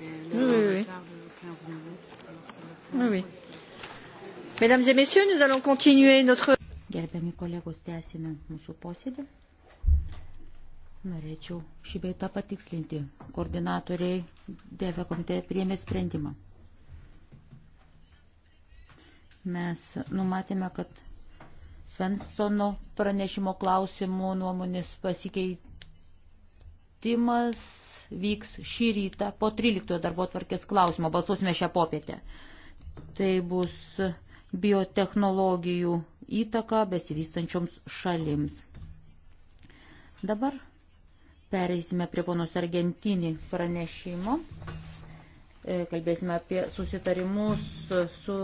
Oui, oui, oui. oui. Mesdames et messieurs, nous allons continuer notre. Gerbiami kolegos, tęsime mūsų posėdį. Norėčiau šį beitą patikslinti. Koordinatoriai DV komitė priėmė sprendimą. Mes numatėme, kad Svensono pranešimo klausimų nuomonės pasikeitimas vyks šį rytą po 13 darbo tvarkės klausimo. Balsuosime šią popietę. Tai bus biotehnologijų įtaka besivystančioms šalims. Dabar pereisime prie ponos Argentinį pranešimo. E, kalbėsime apie susitarimus su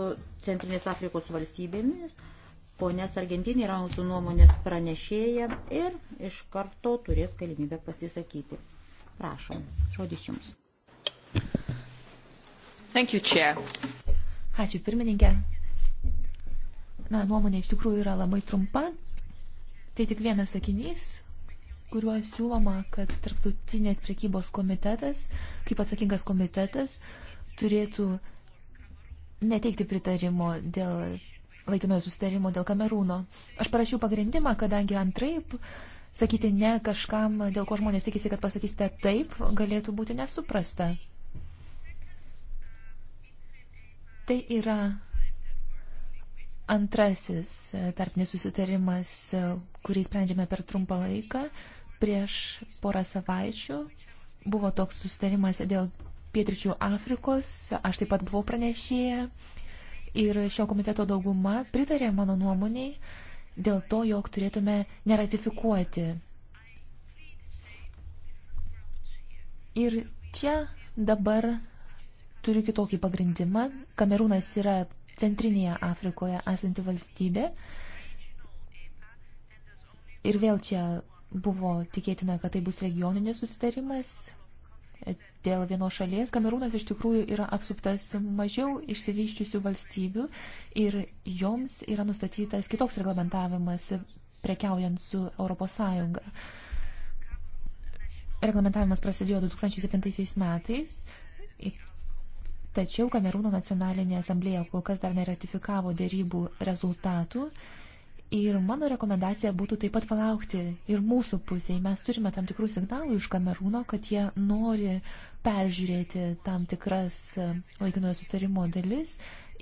Centrinės Afrikos valstybėmis. Ponės Argentinė yra mūsų nuomonės pranešėja ir iš karto turės galimybę pasisakyti. Prašom, žodis jums. Thank you, Chair. Ačiū, pirmininkė. Na, nuomonė iš tikrųjų yra labai trumpa. Tai tik vienas sakinys, kuriuo siūloma, kad tarptautinės priekybos komitetas, kaip atsakingas komitetas, turėtų neteikti pritarimo dėl laikinojo susitarimo dėl Kamerūno. Aš parašiau pagrindimą, kadangi antraip sakyti ne kažkam, dėl ko žmonės tikisi, kad pasakysite taip, galėtų būti nesuprasta. Tai yra antrasis tarpnis susitarimas, kurį sprendžiame per trumpą laiką. Prieš porą savaičių buvo toks susitarimas dėl Pietričių Afrikos, aš taip pat buvau pranešėję ir šio komiteto dauguma pritarė mano nuomoniai, dėl to, jog turėtume neratifikuoti. Ir čia dabar turiu kitokį pagrindimą. Kamerūnas yra centrinėje Afrikoje esanti valstybė. Ir vėl čia buvo tikėtina, kad tai bus regioninis susitarimas, dėl vienos šalies. Kamerūnas iš tikrųjų yra apsuptas mažiau išsivyščiusių valstybių ir joms yra nustatytas kitoks reglamentavimas prekiaujant su ES. Reglamentavimas prasidėjo 2007 metais, tačiau Kamerūno nacionalinė asamblėja kol kas dar neratifikavo dėrybų rezultatų Ir mano rekomendacija būtų taip pat palaukti ir mūsų pusėje. Mes turime tam tikrų signalų iš Kamerūno, kad jie nori peržiūrėti tam tikras e, laikinojo sustarimo dalis,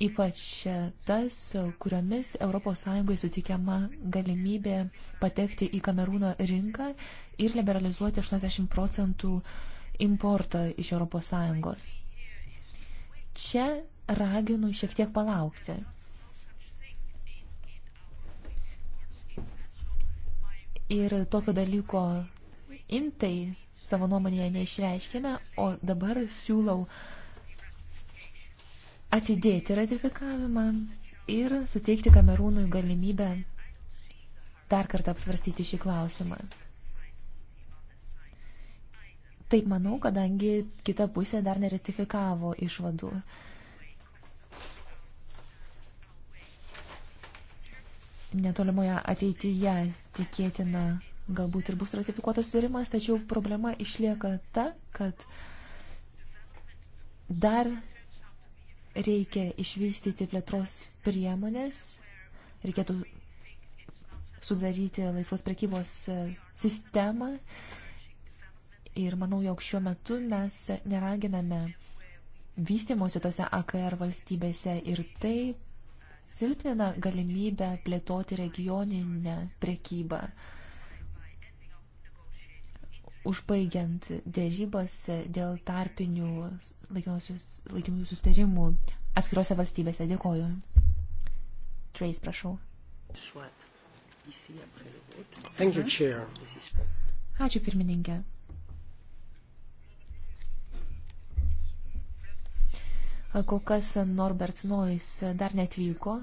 ypač e, tas, e, kuriomis ES sutikiama galimybė patekti į Kamerūno rinką ir liberalizuoti 80 procentų importo iš ES. Čia raginu šiek tiek palaukti ir tokio dalyko intai savo nuomonėje neišreiškėme, o dabar siūlau atidėti ratifikavimą ir suteikti Kamerūnui galimybę dar kartą apsvarstyti šį klausimą. Taip manau, kadangi kita pusė dar neratifikavo išvadų. netolimoje ateityje tikėtina galbūt ir bus ratifikuotas sudarimas, tačiau problema išlieka ta, kad dar reikia išvystyti plėtros priemonės, reikėtų sudaryti laisvos prekybos e, sistemą ir manau, jog šiuo metu mes neraginame vystimosi tose AKR valstybėse ir taip silpnina galimybę plėtoti regioninę prekybą. Užbaigiant dėrybas dėl tarpinių laikinųjų sustarimų atskirose valstybėse. Dėkoju. Trace, prašau. Ačiū pirmininkė. Kol kas Norbert Nois dar netvyko,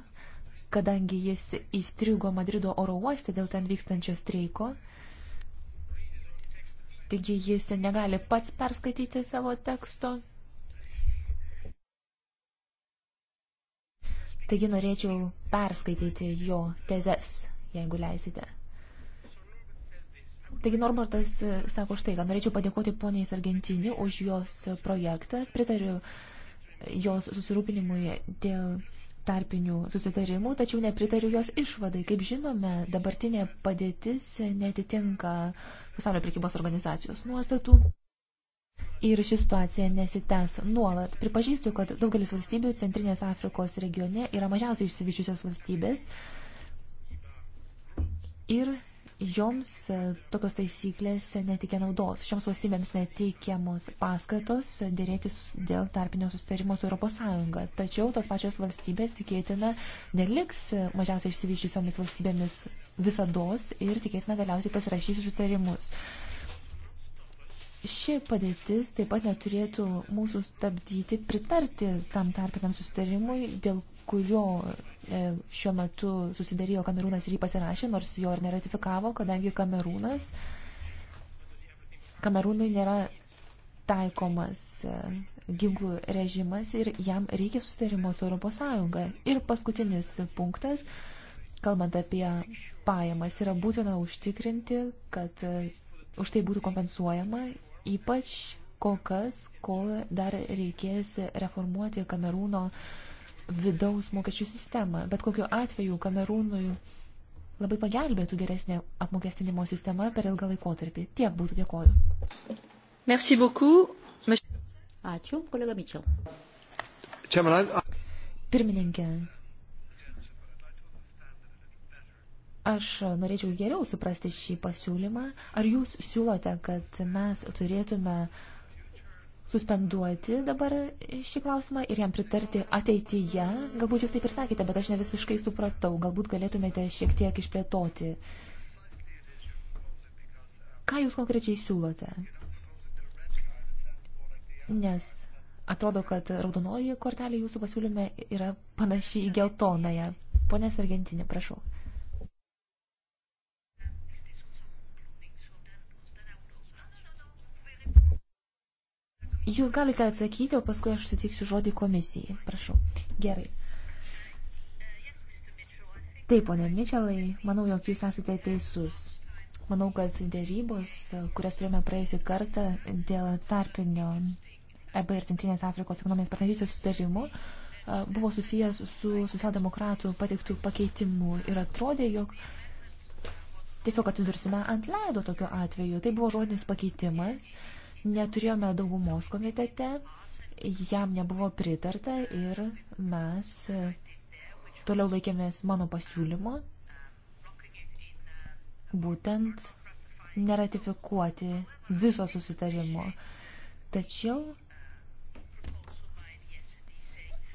kadangi jis įstrigo Madrido oro uoste dėl ten vykstančio streiko. Taigi jis negali pats perskaityti savo teksto. Taigi norėčiau perskaityti jo tezes, jeigu leisite. Taigi Norbertas sako štai, kad norėčiau padėkoti poniais Argentinį už jos projektą. Pritariu uh, jos susirūpinimui dėl tarpinių susitarimų, tačiau nepritariu jos išvadai. Kaip žinome, dabartinė padėtis netitinka pasaulio prekybos organizacijos nuostatų. Ir ši situacija nesitęs nuolat. Pripažįstu, kad daugelis valstybių Centrinės Afrikos regione yra mažiausiai išsivyščiusios valstybės. Ir joms e, tokios taisyklės netikė naudos. Šioms valstybėms neteikiamos paskatos dėrėtis dėl tarpinio sustarimo su ES. Tačiau tos pačios valstybės tikėtina neliks mažiausiai išsivyščiusiomis valstybėmis visados ir tikėtina galiausiai pasirašys sustarimus. Ši padėtis taip pat neturėtų mūsų stabdyti pritarti tam tarpiniam sustarimui, dėl kurio e, šiuo metu susidarėjo Kamerūnas ir jį pasirašė, nors jo ir neratifikavo, kadangi Kamerūnas, Kamerūnui nėra taikomas e, ginklų režimas ir jam reikia susitarimo su Europos Sąjunga. Ir paskutinis punktas, kalbant apie pajamas, yra būtina užtikrinti, kad e, už tai būtų kompensuojama, ypač kol kas, kol dar reikės reformuoti Kamerūno uh, vidaus mokesčių sistemą. Bet kokiu atveju Kamerūnui labai pagelbėtų geresnė apmokestinimo sistema per ilgą laikotarpį. Tiek būtų dėkoju. Merci beaucoup. Ačiū, kolega Mičel. Pirmininkė, aš norėčiau geriau suprasti šį pasiūlymą. Ar jūs siūlote, kad mes turėtume uh, suspenduoti dabar šį klausimą ir jam pritarti ateityje. Galbūt jūs taip ir sakėte, bet aš ne visiškai supratau. Galbūt galėtumėte šiek tiek išplėtoti. Ką jūs konkrečiai siūlote? Nes atrodo, kad raudonoji kortelė jūsų pasiūlyme yra panaši į geltonąją. Pone Sargentinė, prašau. Jūs galite atsakyti, o paskui aš sutiksiu žodį komisijai. Prašau. Gerai. Taip, ponė Mičelai, manau, jog jūs esate teisus. Manau, kad dėrybos, kurias turėjome praėjusį kartą dėl tarpinio EB ir Centrinės Afrikos ekonominės partnerystės sutarimų, buvo susijęs su socialdemokratų pateiktų pakeitimų ir atrodė, jog tiesiog atsidursime ant leido tokiu atveju. Tai buvo žodinis pakeitimas Neturėjome daugumos komitete, jam nebuvo pritarta ir mes toliau laikėmės mano pasiūlymo būtent neratifikuoti viso susitarimo. Tačiau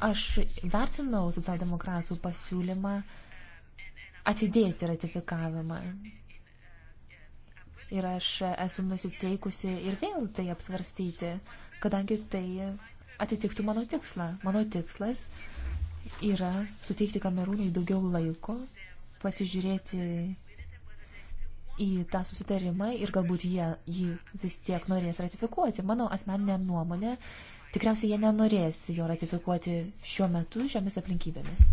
aš vertinau socialdemokratų pasiūlymą atidėti ratifikavimą ir aš esu nusiteikusi ir vėl tai apsvarstyti, kadangi tai atitiktų mano tikslą. Mano tikslas yra suteikti Kamerūnai daugiau laiko, pasižiūrėti į tą susitarimą ir galbūt jie jį vis tiek norės ratifikuoti. Mano asmeninė nuomonė, tikriausiai jie nenorės jo ratifikuoti šiuo metu, šiomis aplinkybėmis.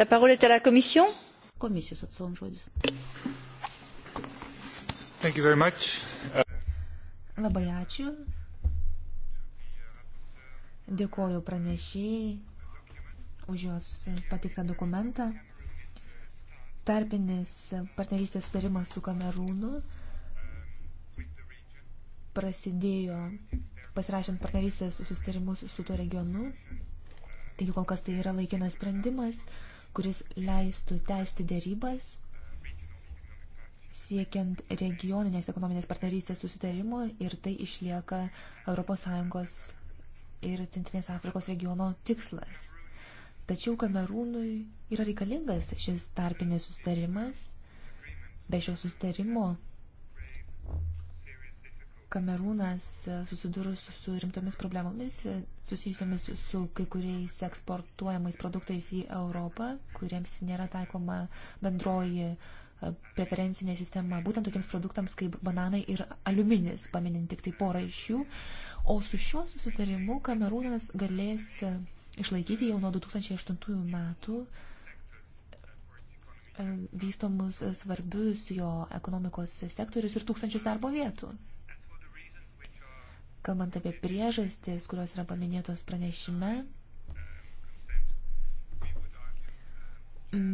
La parole est à la commission. Komisijos atstovams žodis. Labai ačiū. Dėkoju pranešėjai už jos patiktą dokumentą. Tarpinis partnerystės sutarimas su Kamerūnu prasidėjo pasirašant partnerystės sustarimus su tuo regionu. Taigi kol kas tai yra laikinas sprendimas, kuris leistų tęsti dėrybas siekiant regioninės ekonominės partnerystės susitarimų ir tai išlieka ES ir Centrinės Afrikos regiono tikslas. Tačiau Kamerūnui yra reikalingas šis tarpinis susitarimas. Be šio susitarimo Kamerūnas susidūrus su rimtomis problemomis susijusiamis su kai kuriais eksportuojamais produktais į Europą, kuriems nėra taikoma bendroji uh, preferencinė sistema būtent tokiems produktams kaip bananai ir aliuminis, paminint tik tai porą iš jų. O su šiuo susitarimu Kamerūnas galės e, išlaikyti jau nuo 2008 metų e, vystomus svarbius jo ekonomikos sektorius ir tūkstančius darbo vietų. Kalbant apie priežastis, kurios yra paminėtos pranešime,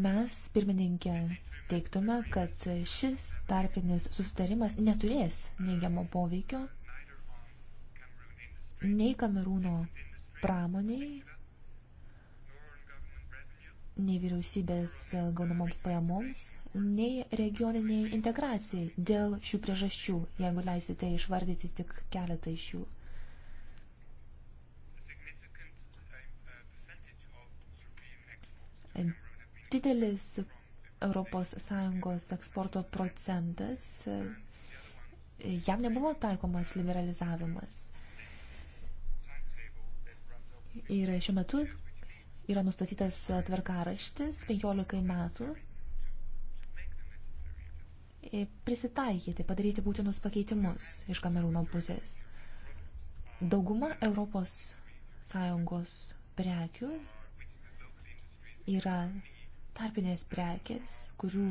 mes, pirmininkė, teiktume, kad šis tarpinis susitarimas neturės neigiamo poveikio nei Kamerūno pramoniai, nei vyriausybės gaunamoms pajamoms, nei regioniniai integracijai dėl šių priežasčių, jeigu leisite išvardyti tik keletą iš jų. Didelis ES eksporto procentas, jam nebuvo taikomas liberalizavimas. Ir šiuo metu yra nustatytas tvarkaraštis 15 metų prisitaikyti, padaryti būtinus pakeitimus iš Kamerūno pusės. Dauguma Europos Sąjungos prekių yra tarpinės prekės, kurių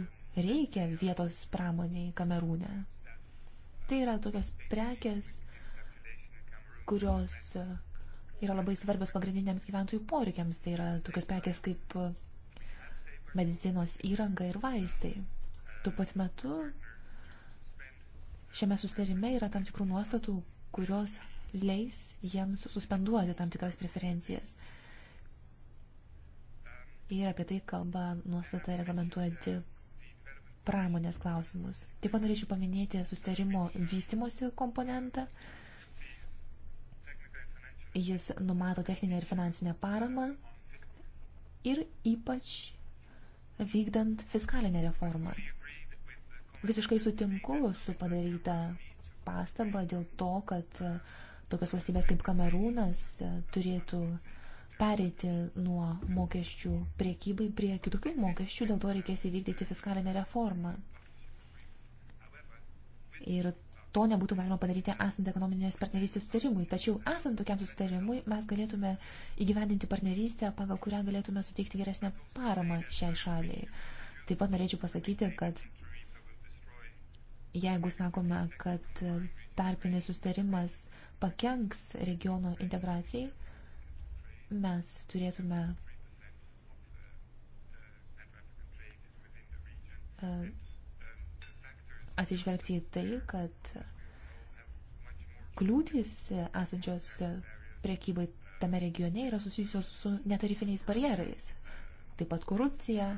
reikia vietos pramoniai Kamerūne. Tai yra tokios prekės, kurios yra labai svarbios pagrindiniams gyventojų poreikiams. Tai yra tokios prekės kaip medicinos įranga ir vaistai. Tuo pat metu šiame susitarime yra tam tikrų nuostatų, kurios leis jiems suspenduoti tam tikras preferencijas ir apie tai kalba nuostata reglamentuojanti pramonės klausimus. Taip pat norėčiau paminėti sustarimo vystimosi komponentą. Jis numato techninę ir finansinę paramą ir ypač vykdant fiskalinę reformą. Visiškai sutinku su padaryta pastaba dėl to, kad tokios valstybės kaip Kamerūnas turėtų uh, pereiti nuo mokesčių priekybai prie kitokių mokesčių, dėl to reikės įvykdyti fiskalinę reformą. Ir to nebūtų galima padaryti esant ekonominės partnerystės sustarimui. Tačiau esant tokiam sustarimui mes galėtume įgyvendinti partnerystę, pagal kurią galėtume suteikti geresnę paramą šiai šaliai. Taip pat norėčiau pasakyti, kad jeigu sakome, kad tarpinis sustarimas pakenks regiono integracijai, mes turėtume e, atsižvelgti į tai, kad kliūtys esančios priekybai tame regione yra susijusios su netarifiniais barjerais, taip pat korupcija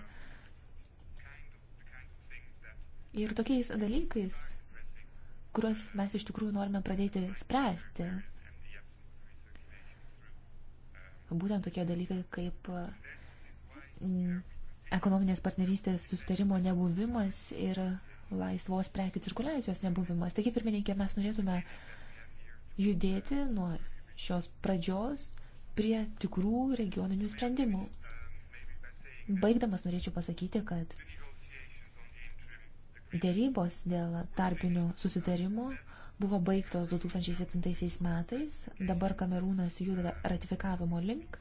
ir tokiais dalykais, kuriuos mes iš tikrųjų norime pradėti spręsti būtent tokie dalykai kaip mm, ekonominės partnerystės sustarimo nebuvimas ir laisvos prekių cirkuliacijos nebuvimas. Taigi, pirmininkė, mes norėtume judėti nuo šios pradžios prie tikrų regioninių sprendimų. Baigdamas norėčiau pasakyti, kad dėrybos dėl tarpinio susitarimo buvo baigtos 2007 metais, dabar Kamerūnas juda ratifikavimo link,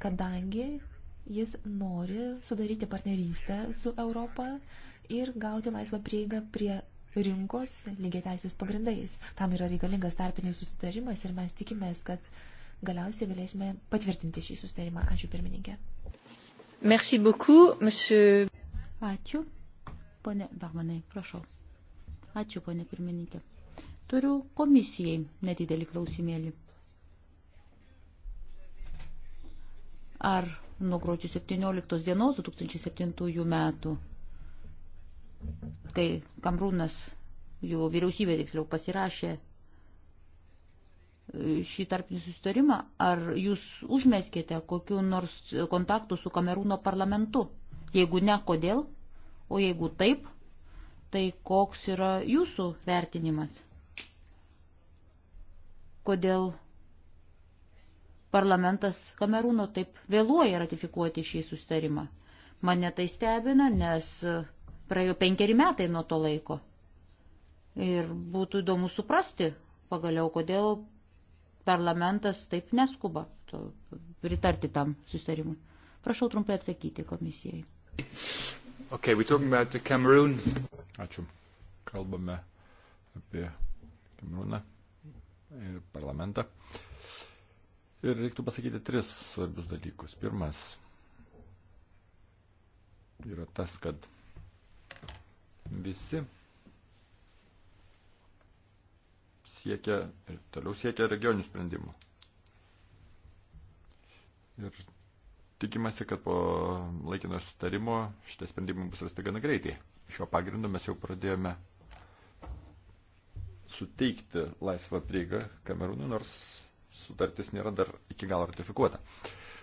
kadangi jis nori sudaryti partnerystę su Europą ir gauti laisvą prieigą prie rinkos lygiai teisės pagrindais. Tam yra reikalingas tarpinis susitarimas ir mes tikimės, kad galiausiai galėsime patvirtinti šį susitarimą. Ačiū pirmininkė. Merci beaucoup, monsieur. Ačiū. Pone Barmanai, prašau. Ačiū, ponė pirmininkė. Turiu komisijai nedidelį klausimėlį. Ar nuo gruodžio 17 dienos 2007 metų, kai Kamrūnas, jo vyriausybė tiksliau, pasirašė e, šį tarpinį susitarimą, ar jūs užmeskėte kokiu nors kontaktu su Kamerūno parlamentu? Jeigu ne, kodėl? O jeigu taip, tai koks yra jūsų vertinimas? Kodėl parlamentas Kamerūno taip vėluoja ratifikuoti šį sustarimą? Mane tai stebina, nes praėjo penkeri metai nuo to laiko. Ir būtų įdomu suprasti pagaliau, kodėl parlamentas taip neskuba to, pritarti tam sustarimui. Prašau trumpai atsakyti komisijai. Okay, we're talking about the Cameroon. Ačiū. Kalbame apie Kamerūną ir parlamentą. Ir reiktų pasakyti tris svarbius dalykus. Pirmas yra tas, kad visi siekia ir toliau siekia regionių sprendimų. Ir tikimasi, kad po laikino sutarimo šitie sprendimai bus rasti gana greitai šio pagrindu mes jau pradėjome suteikti laisvą prieigą Kamerūnui, nors sutartis nėra dar iki galo ratifikuota.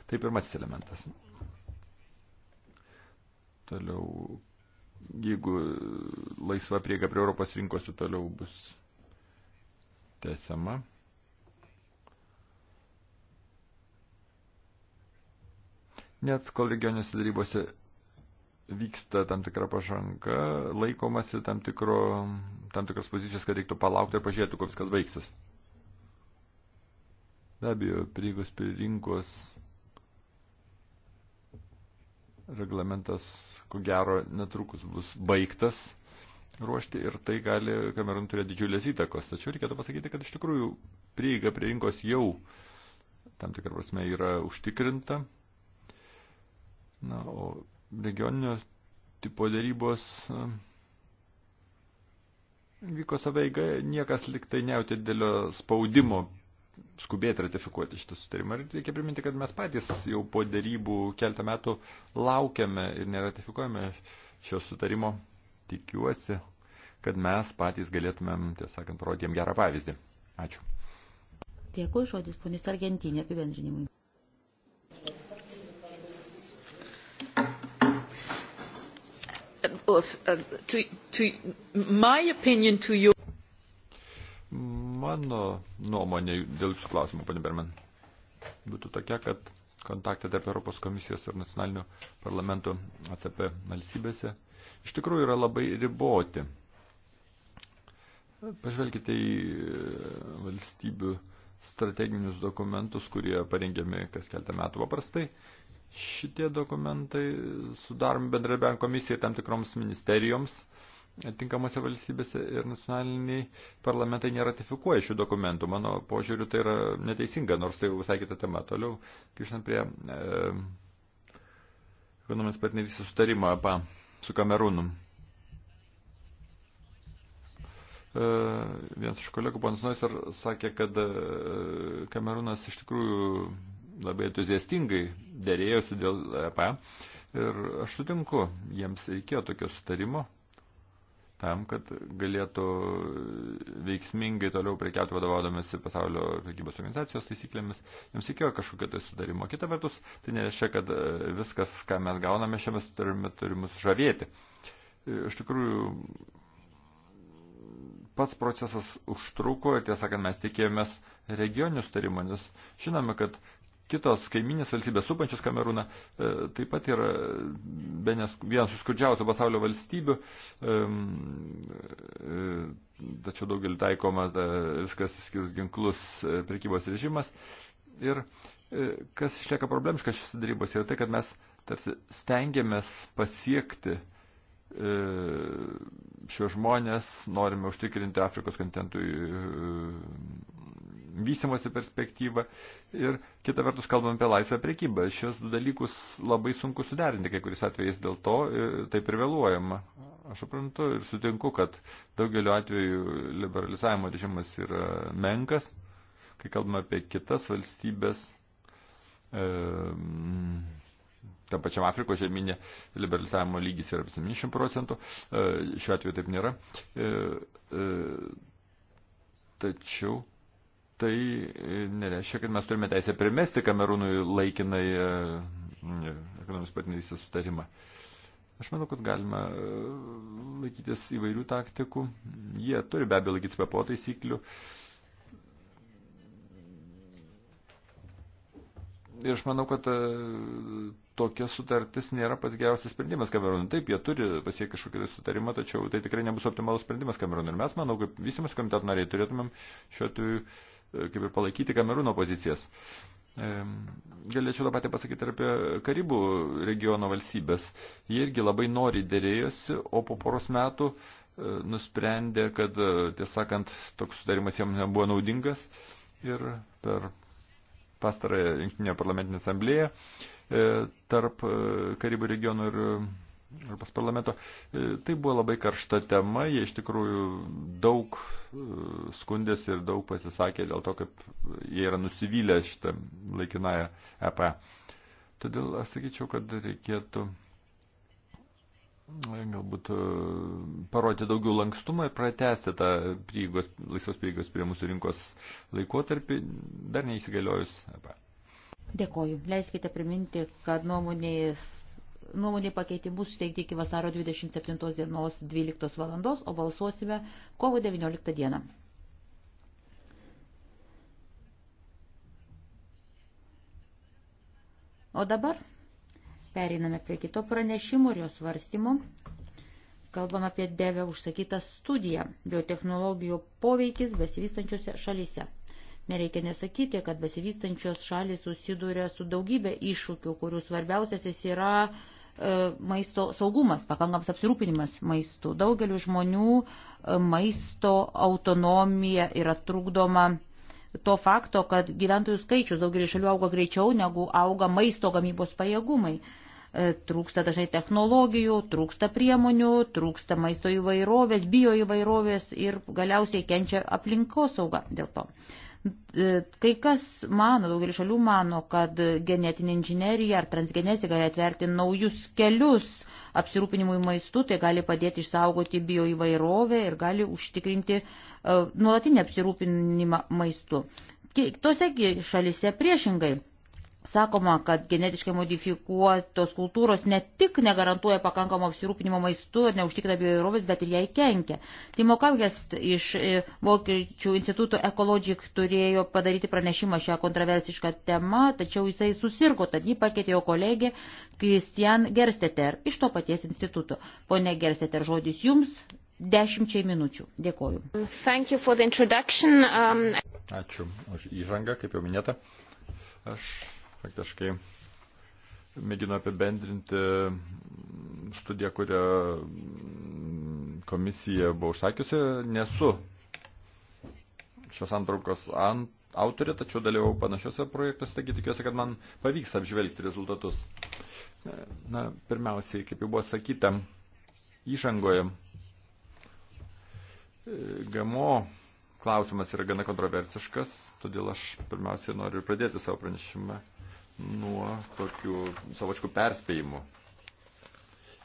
Tai pirmasis elementas. Toliau, jeigu laisva prieiga prie Europos rinkos tai toliau bus tęsiama. Net kol regioninėse darybose vyksta tam tikra pažanga, laikomasi tam, tikro, tam tikros pozicijos, kad reiktų palaukti ir pažiūrėti, kuo viskas baigsis. Be abejo, prieigos prie rinkos reglamentas, ko gero, netrukus bus baigtas ruošti ir tai gali Kamerun turėti didžiulės įtakos. Tačiau reikėtų pasakyti, kad iš tikrųjų prieiga prie rinkos jau tam tikrą prasme yra užtikrinta. Na, o regioninio tipo dėrybos e, vyko savaiga, niekas liktai nejautė didelio spaudimo skubėti ratifikuoti šitą sutarimą. Ir reikia priminti, kad mes patys jau po dėrybų keltą metų laukiame ir neratifikuojame šio sutarimo. Tikiuosi, kad mes patys galėtumėm, tiesąkant, parodėm gerą pavyzdį. Ačiū. Dėkui, žodis ponis Argentinė apibendrinimui. of, uh, to, to my opinion to you. Mano nuomonė dėl šių klausimų, panė Berman, būtų tokia, kad kontaktai tarp Europos komisijos ir nacionalinių parlamentų ACP valstybėse iš tikrųjų yra labai riboti. Pažvelkite į e, valstybių strateginius dokumentus, kurie parengiami kas keltą metų paprastai Šitie dokumentai sudaromi bendrabiavimo komisijai tam tikroms ministerijoms tinkamose valstybėse ir nacionaliniai parlamentai neratifikuoja šių dokumentų. Mano požiūriu tai yra neteisinga, nors tai visai kita tema. Toliau, grįžtant prie e, ekonomijos partnerystės sutarimo APA su Kamerūnu. E, vienas iš kolegų, ponas Noiser, sakė, kad e, Kamerūnas iš tikrųjų labai entuziastingai dėrėjosi dėl EP ir aš sutinku, jiems reikėjo tokio sutarimo tam, kad galėtų veiksmingai toliau prekiauti vadovaudomasi pasaulio prekybos organizacijos taisyklėmis, jiems reikėjo kažkokio tai sudarimo. Kita vertus, tai nereiškia, kad viskas, ką mes gauname šiame sutarime, turi mus žavėti. Iš tikrųjų, pats procesas užtruko ir tiesą sakant, mes tikėjomės regioninių sutarimų, nes žinome, kad kitos kaiminės valstybės, supančios Kamerūną, e, taip pat yra e, vienas iš skurdžiausių pasaulio valstybių, e, tačiau daugelį taikoma viskas skirus ginklus prekybos režimas. Ir kas išlieka problemiška šiuose darybose yra tai, kad mes tarsi stengiamės pasiekti šios žmonės, norime užtikrinti Afrikos kontinentui vystimosi perspektyvą ir kita vertus kalbam apie laisvą priekybą. Šios du dalykus labai sunku suderinti, kai kuris atvejais dėl to e, taip ir vėluojama. Aš suprantu ir sutinku, kad daugeliu atveju liberalizavimo režimas yra menkas, kai kalbame apie kitas valstybės. E, Tam pačiam Afrikos žemynė liberalizavimo lygis yra 70 procentų, e, šiuo atveju taip nėra. E, tačiau tai e, nereiškia, kad mes turime teisę primesti Kamerūnui laikinai e, ekonomis partnerystės sutarimą. Aš manau, kad galima e, laikytis įvairių taktikų. Jie turi be abejo laikytis PPO taisyklių. Ir aš manau, kad tokia sutartis nėra pats geriausias sprendimas Kamerūnui. Taip, jie turi pasiekti kažkokį sutarimą, tačiau tai tikrai nebus optimalus sprendimas Kamerūnui. Ir mes, manau, kaip visimas komiteto nariai turėtumėm šiuo atveju. Tų E, kaip ir palaikyti Kamerūno pozicijas. E, galėčiau tą patį pasakyti ir apie Karibų regiono valstybės. Jie irgi labai nori dėrėjosi, o po poros metų e, nusprendė, kad, tiesąkant, toks sutarimas jiems nebuvo naudingas ir per pastarąją Junktinę parlamentinę asamblėją tarp Karibų regiono ir Europos parlamento. E, tai buvo labai karšta tema, jie iš tikrųjų daug e, skundėsi ir daug pasisakė dėl to, kaip jie yra nusivylę šitą laikinąją EP. Todėl aš sakyčiau, kad reikėtų e, galbūt parodyti daugiau lankstumą ir pratesti tą prieigos, laisvos prieigos prie mūsų rinkos laikotarpį, dar neįsigaliojus EP. Dėkoju. Leiskite priminti, kad nuomonės nuomonė pakeitimus steigti iki vasaro 27 dienos 12 valandos, o balsuosime kovo 19 dieną. O dabar periname prie kito pranešimo ir jo svarstymo. Kalbam apie devę užsakytą studiją biotehnologijų poveikis besivystančiose šalyse. Nereikia nesakyti, kad besivystančios šalis susiduria su daugybė iššūkių, kurių svarbiausiasis yra uh, E, maisto saugumas, pakankamas apsirūpinimas maistu. Daugeliu žmonių e, maisto autonomija yra trukdoma to fakto, kad gyventojų skaičius daugelį šalių auga greičiau negu auga maisto gamybos pajėgumai. E, trūksta dažnai technologijų, trūksta priemonių, trūksta maisto įvairovės, bio įvairovės ir galiausiai kenčia aplinkosauga dėl to. E, kai kas mano, daugelis šalių mano, kad genetinė inžinierija ar transgenezija gali atverti naujus kelius apsirūpinimui maistu, tai gali padėti išsaugoti bioįvairovę ir gali užtikrinti uh, nuolatinį apsirūpinimą maistu. Tose šalise priešingai Sakoma, kad genetiškai modifikuotos kultūros ne tik negarantuoja pakankamo apsirūpinimo maistu ir neužtikrina bioįrovės, bet ir jai kenkia. Timo Kavgest iš e, Vokiečių instituto Ecologic turėjo padaryti pranešimą šią kontroversišką temą, tačiau jisai susirgo, tad jį pakeitė jo kolegė Kristian Gersteter iš to paties instituto. Pone Gersteter, žodis jums. Dešimčiai minučių. Dėkoju. Um... Ačiū už įžangą, kaip jau minėta. Aš faktiškai mėgino apibendrinti studiją, kurią komisija buvo užsakiusi. Nesu šios antraukos ant autorė, tačiau dalyvau panašiuose projektuose, taigi tikiuosi, kad man pavyks apžvelgti rezultatus. Na, pirmiausiai, kaip jau buvo sakyta, įžangoje e, GMO klausimas yra gana kontroversiškas, todėl aš pirmiausiai noriu pradėti savo pranešimą nuo tokių savočių perspėjimų.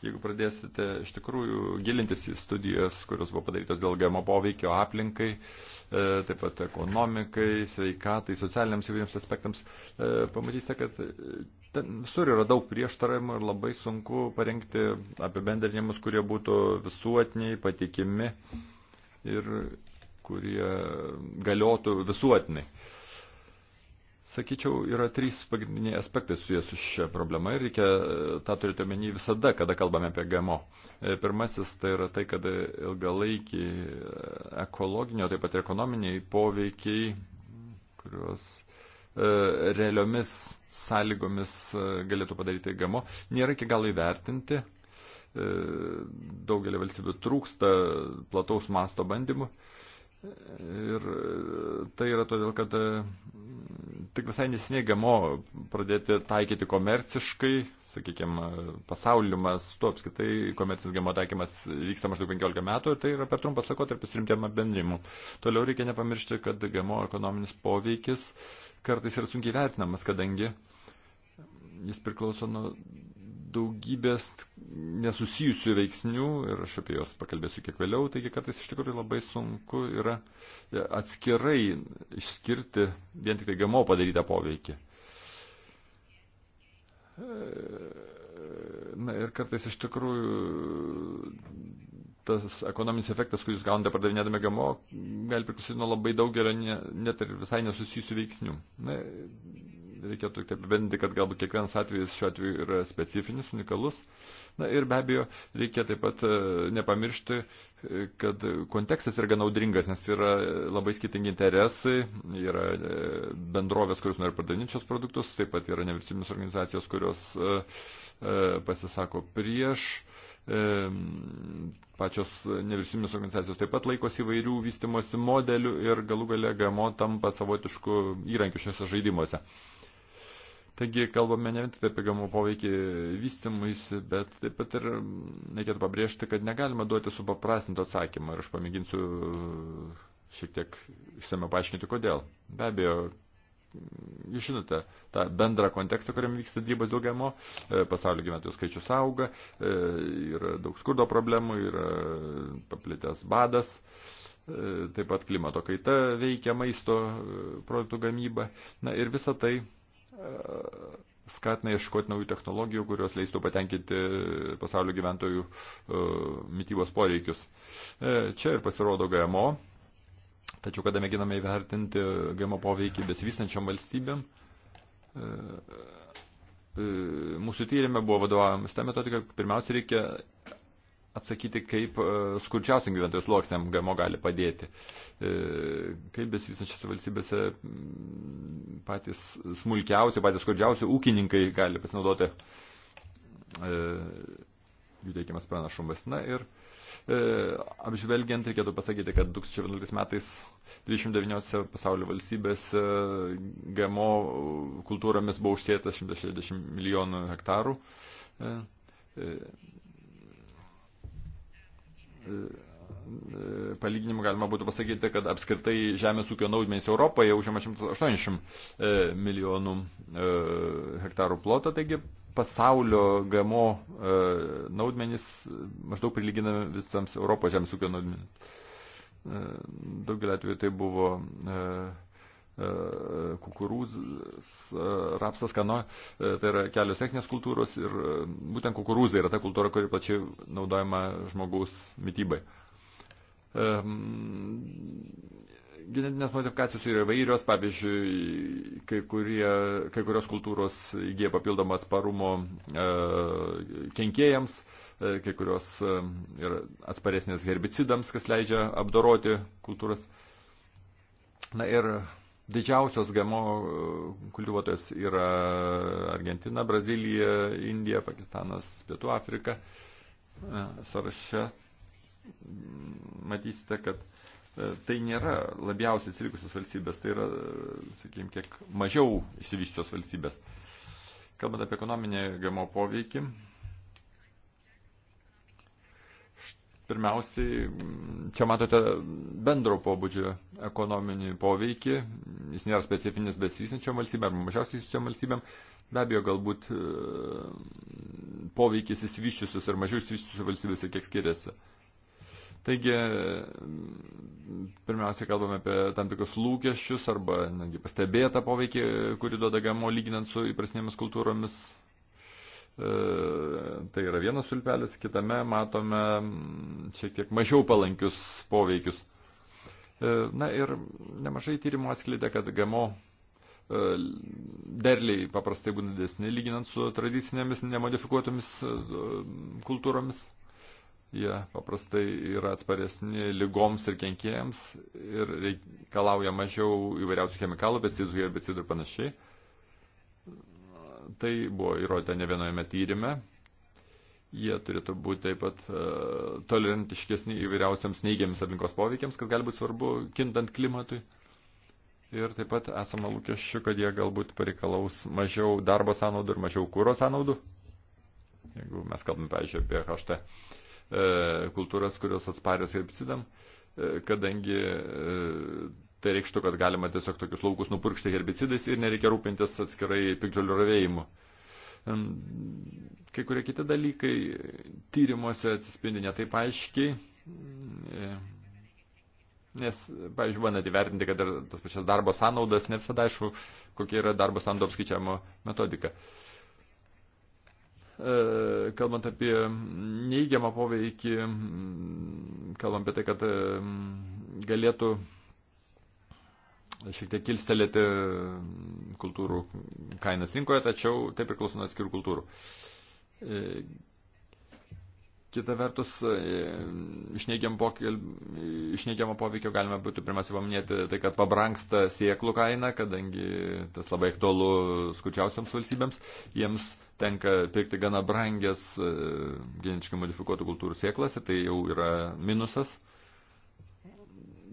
Jeigu pradėsite iš tikrųjų gilintis į studijas, kurios buvo padarytos dėl GMO poveikio aplinkai, e, taip pat ekonomikai, sveikatai, socialiniams įvairiems aspektams, e, pamatysite, kad ten visur yra daug prieštaravimų ir labai sunku parengti apibendrinimus, kurie būtų visuotiniai, patikimi ir kurie galiotų visuotinai. E, Sakyčiau, yra trys pagrindiniai aspektai susijęs su šia problema ir reikia e, tą turėti omeny visada, kada kalbame apie GMO. E, pirmasis tai yra tai, kad ilgalaikiai e, ekologinio, taip pat ir ekonominiai poveikiai, kuriuos realiomis sąlygomis galėtų padaryti GMO, nėra iki galo įvertinti. Daugelį valstybių trūksta plataus masto bandymų. Ir tai yra todėl, kad e, tik visai nesiniai GMO pradėti taikyti komerciškai, sakykime, pasauliu mastu apskaitai komercinis GMO taikymas vyksta maždaug 15 metų ir tai yra per trumpas laikotarpis rimtiem apbendrimų. Toliau reikia nepamiršti, kad GMO ekonominis poveikis kartais yra sunkiai vertinamas, kadangi jis priklauso nuo daugybės nesusijusių veiksnių ir aš apie juos pakalbėsiu kiek vėliau, taigi kartais iš tikrųjų labai sunku yra atskirai išskirti vien tik tai GMO padarytą poveikį. Na ir kartais iš tikrųjų tas ekonominis efektas, kurį jūs gaunate pardavinėdami GMO, gali priklausyti nuo labai daugelio ne, net ir visai nesusijusių veiksnių. Na, reikėtų taip bendinti, kad galbūt kiekvienas atvejis šiuo atveju yra specifinis, unikalus. Na ir be abejo, reikia taip pat e, nepamiršti, e, kad kontekstas yra gana audringas, nes yra labai skirtingi interesai, yra e, bendrovės, kurios nori pardavinėti šios produktus, taip pat yra nevyriausybinės organizacijos, kurios pasisako prieš pačios nevyriausybinės organizacijos taip pat laikosi įvairių vystimosi modelių ir galų gale GMO tampa savotišku įrankiu šiuose žaidimuose. Taigi kalbame ne tik apie gamų poveikį vystimuisi, bet taip pat ir reikėtų pabrėžti, kad negalima duoti supaprastinto atsakymą ir aš pamėginsiu šiek tiek išsame paaiškinti, kodėl. Be abejo, jūs žinote tą bendrą kontekstą, kuriam vyksta dėrybos dėl GMO, e, pasaulio gyventojų skaičius auga, e, yra daug skurdo problemų, yra paplitęs badas, e, taip pat klimato kaita veikia maisto produktų gamybą. Na ir visa tai E, skatina ieškoti naujų technologijų, kurios leistų patenkinti pasaulio gyventojų e, mytybos poreikius. E, čia ir pasirodo GMO, tačiau kada mėginame įvertinti GMO poveikį besivystančiam valstybėm, mūsų tyrimė buvo vadovavimas tą metodiką, pirmiausia reikia atsakyti, kaip e, skurdžiausiam gyventojų sluoksniam GMO gali padėti. E, kaip besivystančiose valstybėse patys smulkiausi, patys skurdžiausi ūkininkai gali pasinaudoti e, jų teikiamas pranašumas. Na ir apžvelgiant reikėtų pasakyti, kad 2011 metais 29 pasaulio valstybės GMO kultūromis buvo užsėtas 160 milijonų hektarų E, palyginimu galima būtų pasakyti, kad apskritai žemės ūkio naudmenys Europoje užima 180 e, milijonų e, hektarų ploto, taigi pasaulio GMO naudmenys maždaug prilyginami visams Europos žemės ūkio naudmenys. Daugelį atveju tai buvo E, kukurūzas, e, rapsas, kano, e, tai yra kelios techninės kultūros ir būtent kukurūzai yra ta kultūra, kuri plačiai naudojama žmogaus mytybai. Genetinės modifikacijos yra įvairios, pavyzdžiui, kai, kurie, kai kurios kultūros įgyja papildomą atsparumo e, kenkėjams, e, kai kurios e, yra atsparesnės herbicidams, kas leidžia apdoroti kultūras. Na ir Didžiausios GMO e, kultivuotojas yra Argentina, Brazilija, Indija, Pakistanas, Pietų Afrika. E, Saraše matysite, kad e, tai nėra labiausiai atsilikusios valstybės, tai yra, sakykime, kiek mažiau išsivyščios valstybės. Kalbant apie ekonominį GMO poveikį, Pirmiausiai, čia matote bendro pobūdžio ekonominį poveikį, jis nėra specifinis besivysančiom valstybėm ar mažiausiai įsivysiančiom valstybėm, be abejo, galbūt e, poveikis įsivyščiusius ar mažiau įsivyščiusius valstybėse kiek skiriasi. Taigi, pirmiausia, kalbame apie tam tikrus lūkesčius arba netgi pastebėtą poveikį, kurį duoda GMO lyginant su įprasnėmis kultūromis E, tai yra vienas sulpelis, kitame matome šiek tiek mažiau palankius poveikius. E, na ir nemažai tyrimų atskleidė, kad GMO e, derliai paprastai būna didesni lyginant su tradicinėmis nemodifikuotomis kultūromis. Jie paprastai yra atsparesni lygoms ir kenkėjams ir reikalauja mažiau įvairiausių chemikalų, pesticidų, herbicidų ir panašiai. Tai buvo įrodyta ne vienojame tyrime. Jie turėtų būti taip pat e, tolerantiškesni įvairiausiams neigiams aplinkos poveikiams, kas gali būti svarbu kintant klimatui. Ir taip pat esama lūkesčių, kad jie galbūt pareikalaus mažiau darbo sąnaudų ir mažiau kūro sąnaudų. Jeigu mes kalbame, pavyzdžiui, apie HT e, kultūras, kurios atsparios herbicidam, e, kadangi Tai reikštų, kad galima tiesiog tokius laukus nupurkšti herbicidais ir nereikia rūpintis atskirai pikdžiolių ravėjimu. Kai kurie kiti dalykai tyrimuose atsispindi netaip aiškiai. E, nes, pavyzdžiui, bandant įvertinti, kad ir tas pačias darbo sąnaudas, ne visada aišku, kokia yra darbo sąnaudų apskaičiavimo metodika. E, kalbant apie neįgiamą poveikį, kalbant apie tai, kad e, galėtų šiek tiek kilstelėti kultūrų kainas rinkoje, tačiau tai priklauso nuo atskirų kultūrų. E, kita vertus, e, iš neigiamo poveikio galime būtų pirmiausia paminėti tai, kad pabranksta sieklų kaina, kadangi tas labai aktualu skurčiausiams valstybėms, jiems tenka pirkti gana brangias e, genetiškai modifikuotų kultūrų sieklas ir tai jau yra minusas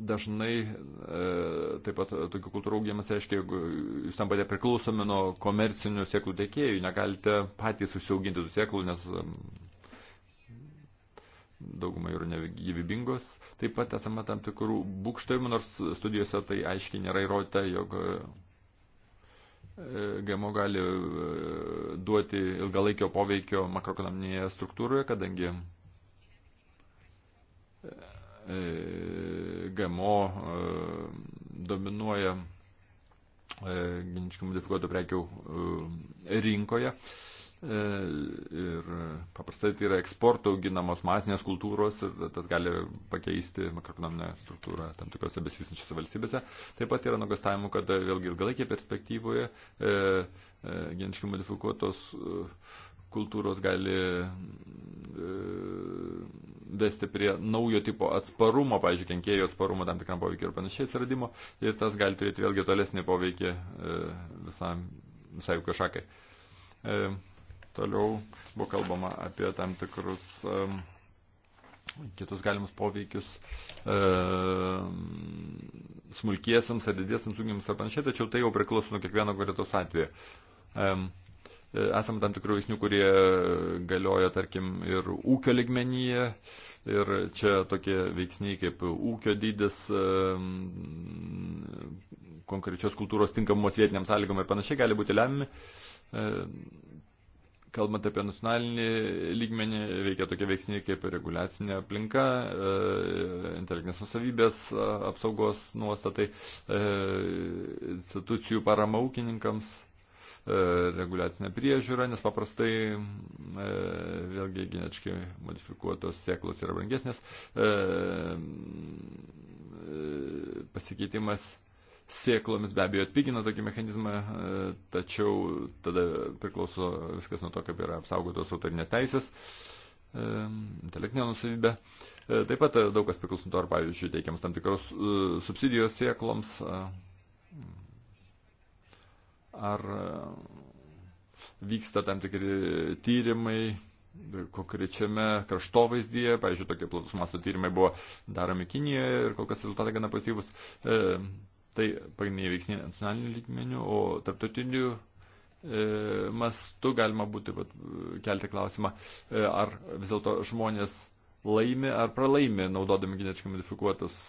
dažnai e, taip pat tokių kultūrų augimas reiškia, jeigu jūs tampate priklausomi nuo komercinių sėklų tiekėjų, negalite patys užsiauginti tų sėklų, nes e, dauguma jų yra negyvybingos. Taip pat esame tam tikrų būkštojimų, nors studijose tai aiškiai nėra įrodyta, jog e, GMO gali duoti ilgalaikio poveikio makroekonominėje struktūroje, kadangi E, GMO e, dominuoja e, geniškai modifikuotų prekių rinkoje. Ir paprastai tai yra eksporto auginamos masinės kultūros ir tas gali pakeisti makroekonominę struktūrą tam tikrose besisinčiose valstybėse. Taip pat yra nuogastavimų, kad vėlgi ilgalaikėje perspektyvoje e, e, geniškai modifikuotos e, kultūros gali e, prisidėsti prie naujo tipo atsparumo, pavyzdžiui, kenkėjų atsparumo tam tikram poveikiai ir panašiai atsiradimo. Ir tas gali turėti vėlgi tolesnį poveikį e, visam, visai ūkio šakai. E, toliau buvo kalbama apie tam tikrus e, kitus galimus poveikius e, smulkiesiams ar didiesiams ūkiams ar panašiai, tačiau tai jau priklauso nuo kiekvieno konkretaus atveju. E, E, esame tam tikrų veiksnių, kurie galioja, tarkim, ir ūkio ligmenyje. Ir čia tokie veiksniai kaip ūkio dydis, e, konkrečios kultūros tinkamos vietiniam sąlygom ir panašiai gali būti lemiami. E, kalbant apie nacionalinį lygmenį, veikia tokie veiksniai kaip reguliacinė aplinka, intelektinės nusavybės apsaugos nuostatai, institucijų parama ūkininkams E, reguliacinę priežiūrą, nes paprastai e, vėlgi genetiškai modifikuotos sėklos yra brangesnės. E, pasikeitimas sėklomis be abejo atpigina tokį mechanizmą, tačiau tada priklauso viskas nuo to, kaip yra apsaugotos autorinės teisės, intelektinė nusavybė. Taip pat daug kas priklauso nuo to, ar pavyzdžiui teikiamas tam tikros subsidijos sėkloms, ar e, vyksta tam tikri tyrimai e, konkrečiame kraštovaizdyje, pavyzdžiui, tokie platus masto tyrimai buvo daromi Kinijoje ir kol kas rezultatai gana pozityvus. E, tai pagrindiniai veiksniai nacionalinių lygmenių, o tarptautinių e, mastu galima būti vat, kelti klausimą, ar vis dėlto žmonės laimi ar pralaimi naudodami genetiškai modifikuotus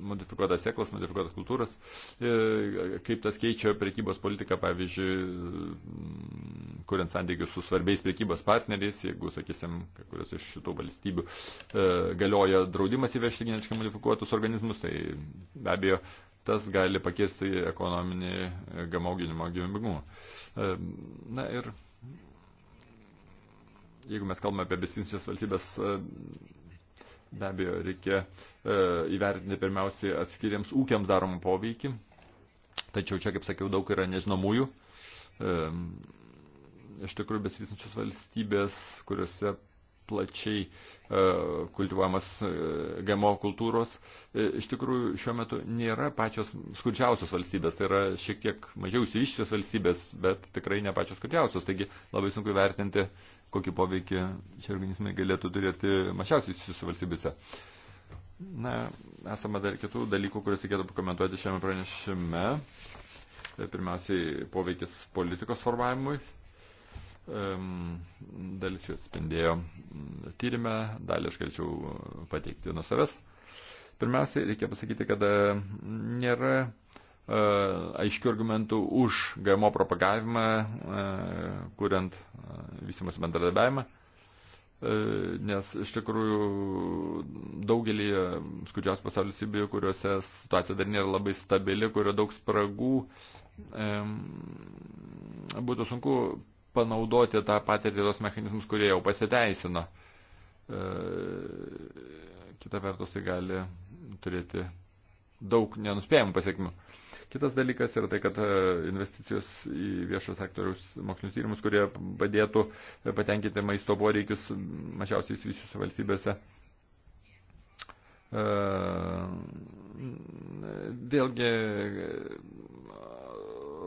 modifikuotas sėklas, modifikuotas kultūras, e, kaip tas keičia prekybos politiką, pavyzdžiui, kuriant santykius su svarbiais prekybos partneriais, jeigu, sakysim, kai kurios iš šitų valstybių e, galioja draudimas įvežti genetiškai modifikuotus organizmus, tai be abejo, tas gali pakirsti ekonominį gamauginimo gyvybingumą. E, na ir jeigu mes kalbame apie besinsčias valstybės Be abejo, reikia e, įvertinti pirmiausiai atskiriams ūkiams daromą poveikį. Tačiau čia, kaip sakiau, daug yra nežinomųjų. E, iš tikrųjų, besivysančios valstybės, kuriuose plačiai e, kultivuojamas e, GMO kultūros. E, iš tikrųjų, šiuo metu nėra pačios skurdžiausios valstybės, tai yra šiek tiek mažiau įsivyščios valstybės, bet tikrai ne pačios skurdžiausios. Taigi labai sunku vertinti uh, kokį poveikį šie organizmai galėtų turėti mažiausiai valstybėse. Na, esame dar kitų dalykų, kuriuos reikėtų pakomentuoti šiame pranešime. E, pirmiausiai poveikis politikos formavimui. Dalis jų atspindėjo tyrimę, dalį aš galėčiau pateikti nuo savęs. Pirmiausiai reikia pasakyti, kad e, nėra E, aiškių argumentų už GMO propagavimą, e, kuriant e, visimus bendradarbiavimą, nes iš tikrųjų daugelį skudžiausių pasaulio sybių, kuriuose situacija dar nėra labai stabili, kurio daug spragų, būtų sunku panaudoti tą patirtį tos mechanizmus, kurie jau pasiteisino. Kita vertus, tai gali turėti daug nenuspėjamų pasiekmių. Kitas dalykas yra tai, kad e, investicijos į viešo sektoriaus mokslinius tyrimus, kurie padėtų e, patenkinti maisto poreikius mažiausiai įsivysiuose valstybėse. E, vėlgi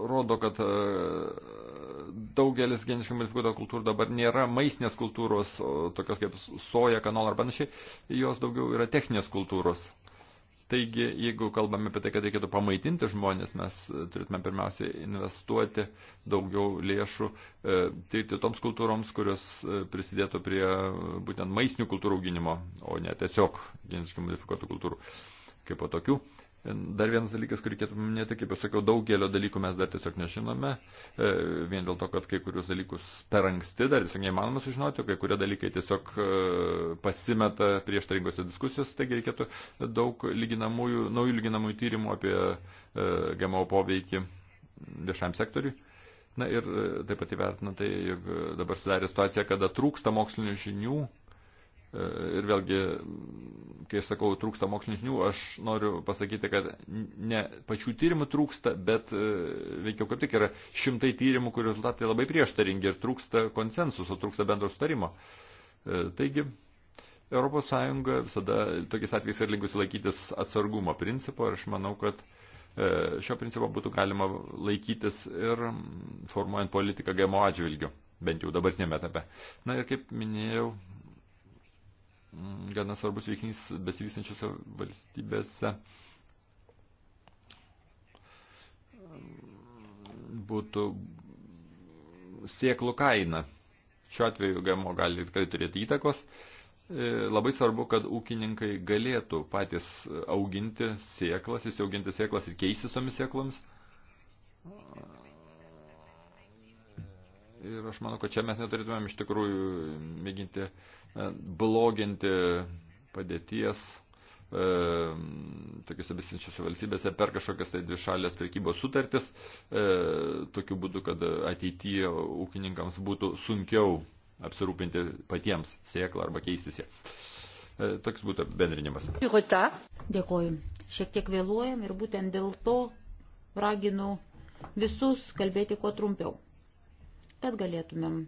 rodo, kad daugelis geniškai modifikuoto kultūrų dabar nėra maistinės kultūros, tokios kaip soja, kanol ar panašiai, jos daugiau yra techninės kultūros. Taigi, jeigu kalbame apie tai, kad reikėtų pamaitinti žmonės, mes e, turėtume pirmiausia investuoti daugiau lėšų, e, tirti toms kultūroms, kurios e, prisidėtų prie e, būtent maisnių kultūrų auginimo, o ne tiesiog geniškai modifikuotų kultūrų kaip po tokių. E, Dar vienas dalykas, kurį reikėtų minėti, kaip jau sakiau, daugelio dalykų mes dar tiesiog nežinome, e, vien dėl to, kad kai kurius dalykus per anksti dar tiesiog neįmanoma sužinoti, kai kurie dalykai tiesiog e, pasimeta prieštaringose diskusijose, taigi reikėtų daug lyginamųjų, naujų lyginamųjų tyrimų apie e, GMO poveikį viešam sektoriui. Na ir taip pat įvertina tai, jog dabar sudarė situacija, kada trūksta mokslinių žinių ir vėlgi, kai aš sakau, trūksta mokslinių žinių, aš noriu pasakyti, kad ne pačių tyrimų trūksta, bet e, veikiau kaip tik yra šimtai tyrimų, kurių rezultatai labai prieštaringi ir trūksta konsensuso, trūksta bendro sutarimo. E, taigi, ES visada tokiais atvejais ir linkusi laikytis atsargumo principo ir aš manau, kad e, šio principo būtų galima laikytis ir formuojant politiką GMO atžvilgiu, bent jau dabartinėme etape. Na ir kaip minėjau, Mm, gana svarbus veiksnys besivystančiose valstybėse. Mm, būtų sieklų kaina. Šiuo atveju GMO gali tikrai turėti įtakos. E, labai svarbu, kad ūkininkai galėtų patys auginti sieklas, įsiauginti sieklas ir keisti tomis sieklams. E, ir aš manau, kad čia mes neturėtumėm iš tikrųjų mėginti uh, E, bloginti padėties e, tokiuose besinčiose valstybėse per kažkokias tai dvišalės prekybos sutartis, e, tokiu būdu, kad ateityje ūkininkams būtų sunkiau apsirūpinti patiems sėklą arba keistis ją. E, toks būtų bendrinimas. Dėkoju. Šiek tiek vėluojam ir būtent dėl to raginu visus kalbėti kuo trumpiau, kad galėtumėm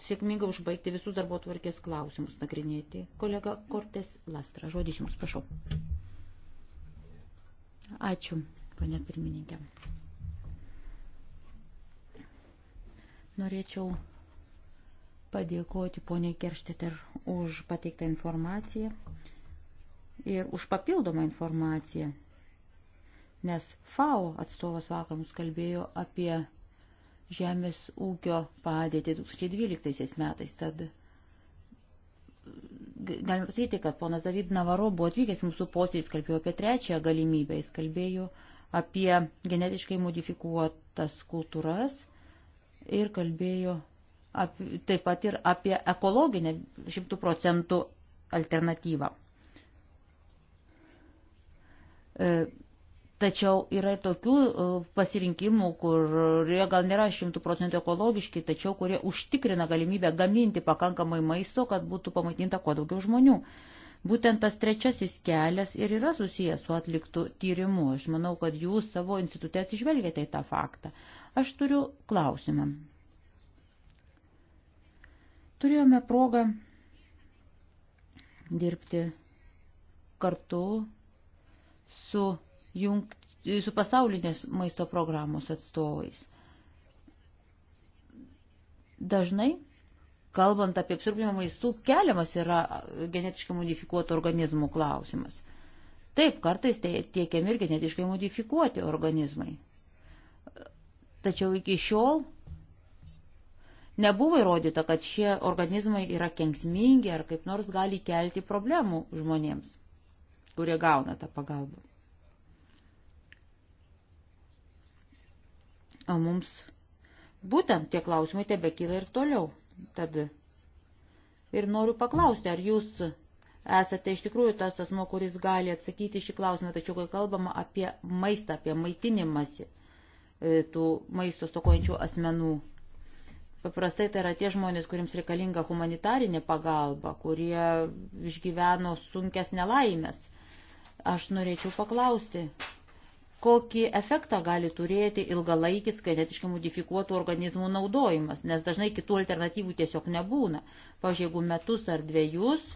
sėkmingai užbaigti visus darbo tvarkės klausimus nagrinėti. Kolega Kortes Lastra, žodis Jums, prašau. Ačiū, pane pirmininkė. Norėčiau padėkoti poniai Keršteter už pateiktą informaciją ir už papildomą informaciją, nes FAO atstovas vakar mus kalbėjo apie žemės ūkio padėtį 2012 metais. Tad galime pasakyti, kad ponas David Navaro buvo atvykęs mūsų posėdį, jis kalbėjo apie trečią galimybę, jis kalbėjo apie genetiškai modifikuotas kultūras ir kalbėjo apie, taip pat ir apie ekologinę šimtų procentų alternatyvą. E, Tačiau yra ir tokių e, pasirinkimų, kurie gal nėra šimtų procentų ekologiški, tačiau kurie užtikrina galimybę gaminti pakankamai maisto, kad būtų pamaitinta kuo daugiau žmonių. Būtent tas trečiasis kelias ir yra susijęs su atliktu tyrimu. Aš manau, kad jūs savo institutė atsižvelgėte į tą faktą. Aš turiu klausimą. Turėjome progą dirbti kartu su jungt, su pasaulinės maisto programos atstovais. Dažnai, kalbant apie apsirūpinimą maistų, keliamas yra genetiškai modifikuotų organizmų klausimas. Taip, kartais tiekiami ir genetiškai modifikuoti organizmai. Tačiau iki šiol nebuvo įrodyta, kad šie organizmai yra kenksmingi ar kaip nors gali kelti problemų žmonėms, kurie gauna tą pagalbą. O mums būtent tie klausimai tebekyla ir toliau. Tad ir noriu paklausti, ar jūs esate iš tikrųjų tas asmo, kuris gali atsakyti šį klausimą, tačiau kai kalbama apie maistą, apie maitinimąsi e, tų maisto stokojančių asmenų. Paprastai tai yra tie žmonės, kuriems reikalinga humanitarinė pagalba, kurie išgyveno sunkes nelaimės. Aš norėčiau paklausti, kokį efektą gali turėti ilgalaikis genetiškai modifikuotų organizmų naudojimas, nes dažnai kitų alternatyvų tiesiog nebūna. Pavyzdžiui, jeigu metus ar dviejus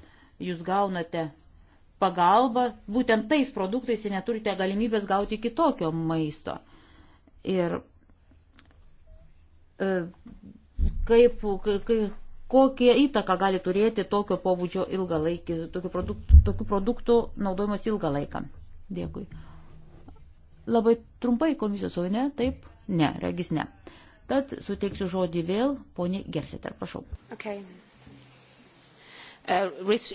jūs gaunate pagalbą, būtent tais produktais jūs neturite galimybės gauti kitokio maisto. Ir e, kaip, kaip, kokią įtaką gali turėti tokio pobūdžio ilgalaikį, tokių produktų, tokių produktų naudojimas ilgą laiką. Dėkui. Labai trumpai komisijos, o ne? Taip? Ne, regis ne. Tad suteiksiu žodį vėl poniai Gersiter, prašau. Okay. Uh, res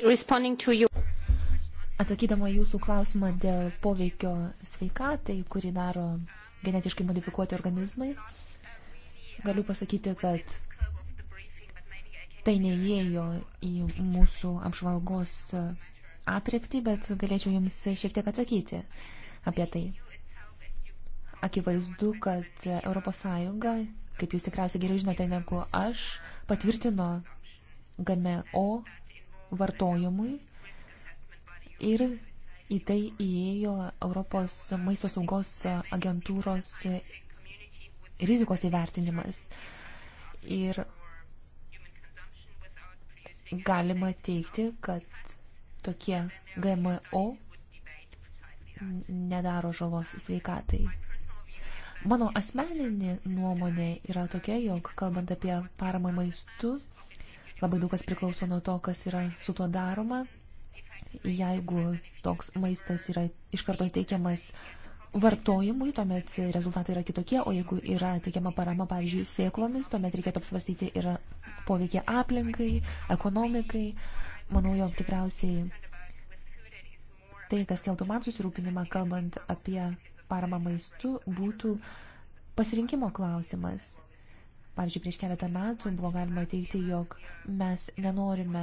Atsakydama jūsų klausimą dėl poveikio sveikatai, kurį daro genetiškai modifikuoti organizmai, galiu pasakyti, kad tai neįėjo į mūsų apžvalgos apriepti, bet galėčiau jums šiek tiek atsakyti apie tai akivaizdu, kad ES, kaip jūs tikriausiai geriau žinote negu aš, patvirtino GMO vartojimui ir į tai įėjo Europos maisto saugos agentūros rizikos įvertinimas. Ir galima teikti, kad tokie GMO nedaro žalos sveikatai. Mano asmeninė nuomonė yra tokia, jog kalbant apie paramą maistu, labai daug kas priklauso nuo to, kas yra su tuo daroma. Jeigu toks maistas yra iš karto teikiamas vartojimui, tuomet rezultatai yra kitokie, o jeigu yra teikiama parama, pavyzdžiui, sėklomis, tuomet reikėtų apsvarstyti ir poveikia aplinkai, ekonomikai. Manau, jog tikriausiai tai, kas keltų man susirūpinimą, kalbant apie parama maistu būtų pasirinkimo klausimas. Pavyzdžiui, prieš keletą metų buvo galima teikti, jog mes nenorime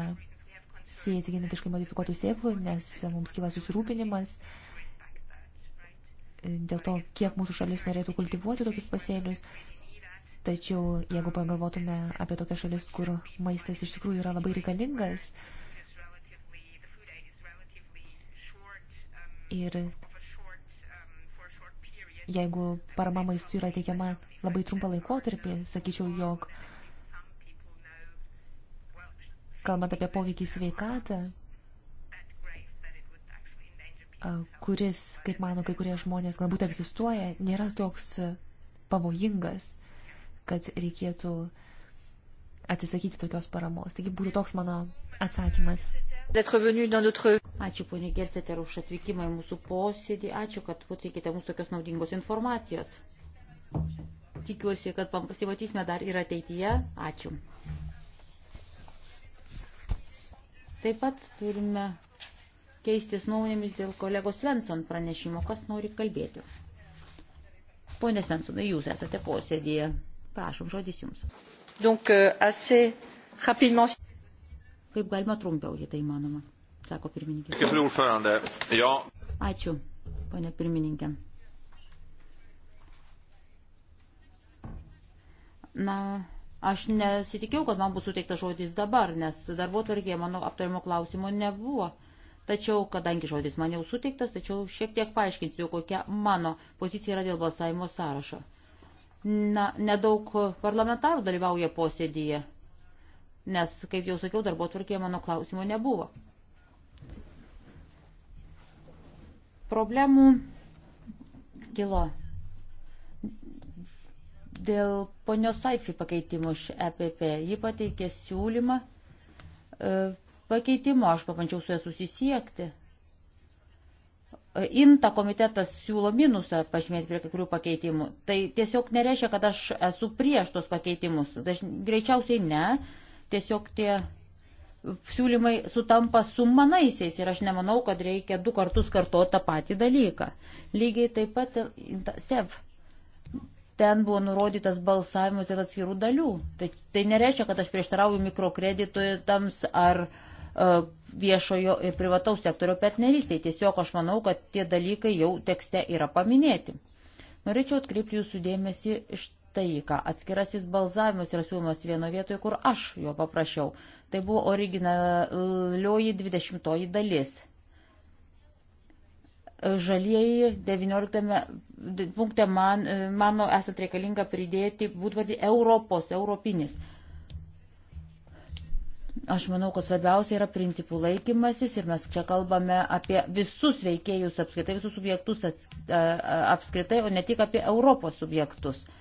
sėti genetiškai modifikuotų sėklų, nes mums kyla susirūpinimas dėl to, kiek mūsų šalis norėtų kultivuoti tokius pasėlius. Tačiau jeigu pagalvotume apie tokias šalis, kur maistas iš tikrųjų yra labai reikalingas ir Jeigu parama maistui yra teikiama labai trumpą laikotarpį, sakyčiau, jog kalbant apie poveikį sveikatą, kuris, kaip mano kai kurie žmonės, galbūt egzistuoja, nėra toks pavojingas, kad reikėtų atsisakyti tokios paramos. Taigi būtų toks mano atsakymas. Ačiū ponė Gerseter už atvykimą į mūsų posėdį, ačiū, kad pateikite mūsų tokios naudingos informacijos. Tikiuosi, kad pasimatysime dar ir ateityje. Ačiū. Taip pat turime keistis nuomonėmis dėl kolegos Svensson pranešimo, kas nori kalbėti. Pone Svensonai, jūs esate posėdėje. Prašom, žodis jums. Donc, euh, assez rapidement kaip galima trumpiau, jei tai manoma, sako pirmininkė. Ačiū, ponė pirmininkė. Na, aš nesitikėjau, kad man bus suteiktas žodis dabar, nes darbo tvarkėje mano aptarimo klausimo nebuvo. Tačiau, kadangi žodis man jau suteiktas, tačiau šiek tiek paaiškinsiu, kokia mano pozicija yra dėl balsavimo sąrašo. Na, nedaug parlamentarų dalyvauja posėdyje nes, kaip jau sakiau, darbo tvarkėje mano klausimo nebuvo. Problemų kilo dėl ponios Saifi pakeitimo iš EPP. Ji pateikė siūlymą e, pakeitimo, aš papančiau su ja susisiekti. E, Inta komitetas siūlo minusą pažymėti prie kai kurių pakeitimų. Tai tiesiog nereiškia, kad aš esu prieš tos pakeitimus. Daž... Greičiausiai ne, tiesiog tie siūlymai sutampa su manaisiais ir aš nemanau, kad reikia du kartus kartoti tą patį dalyką. Lygiai taip pat SEV. Ten buvo nurodytas balsavimas dėl atskirų dalių. Tai, tai nereiškia, kad aš prieštarauju mikrokreditams ar uh, viešojo ir privataus sektorio partnerystėje. Tiesiog aš manau, kad tie dalykai jau tekste yra paminėti. Norėčiau atkreipti jūsų dėmesį iš taiką. Atskirasis balsavimas yra siūlomas vienoje vietoje, kur aš jo paprašiau. Tai buvo originalioji 20 dalis. Žalieji 19 punkte man, mano esant reikalinga pridėti būtvardį Europos, europinis. Aš manau, kad svarbiausia yra principų laikymasis ir mes čia kalbame apie visus veikėjus apskritai, visus subjektus atsk, apskritai, o ne tik apie Europos subjektus. Uh,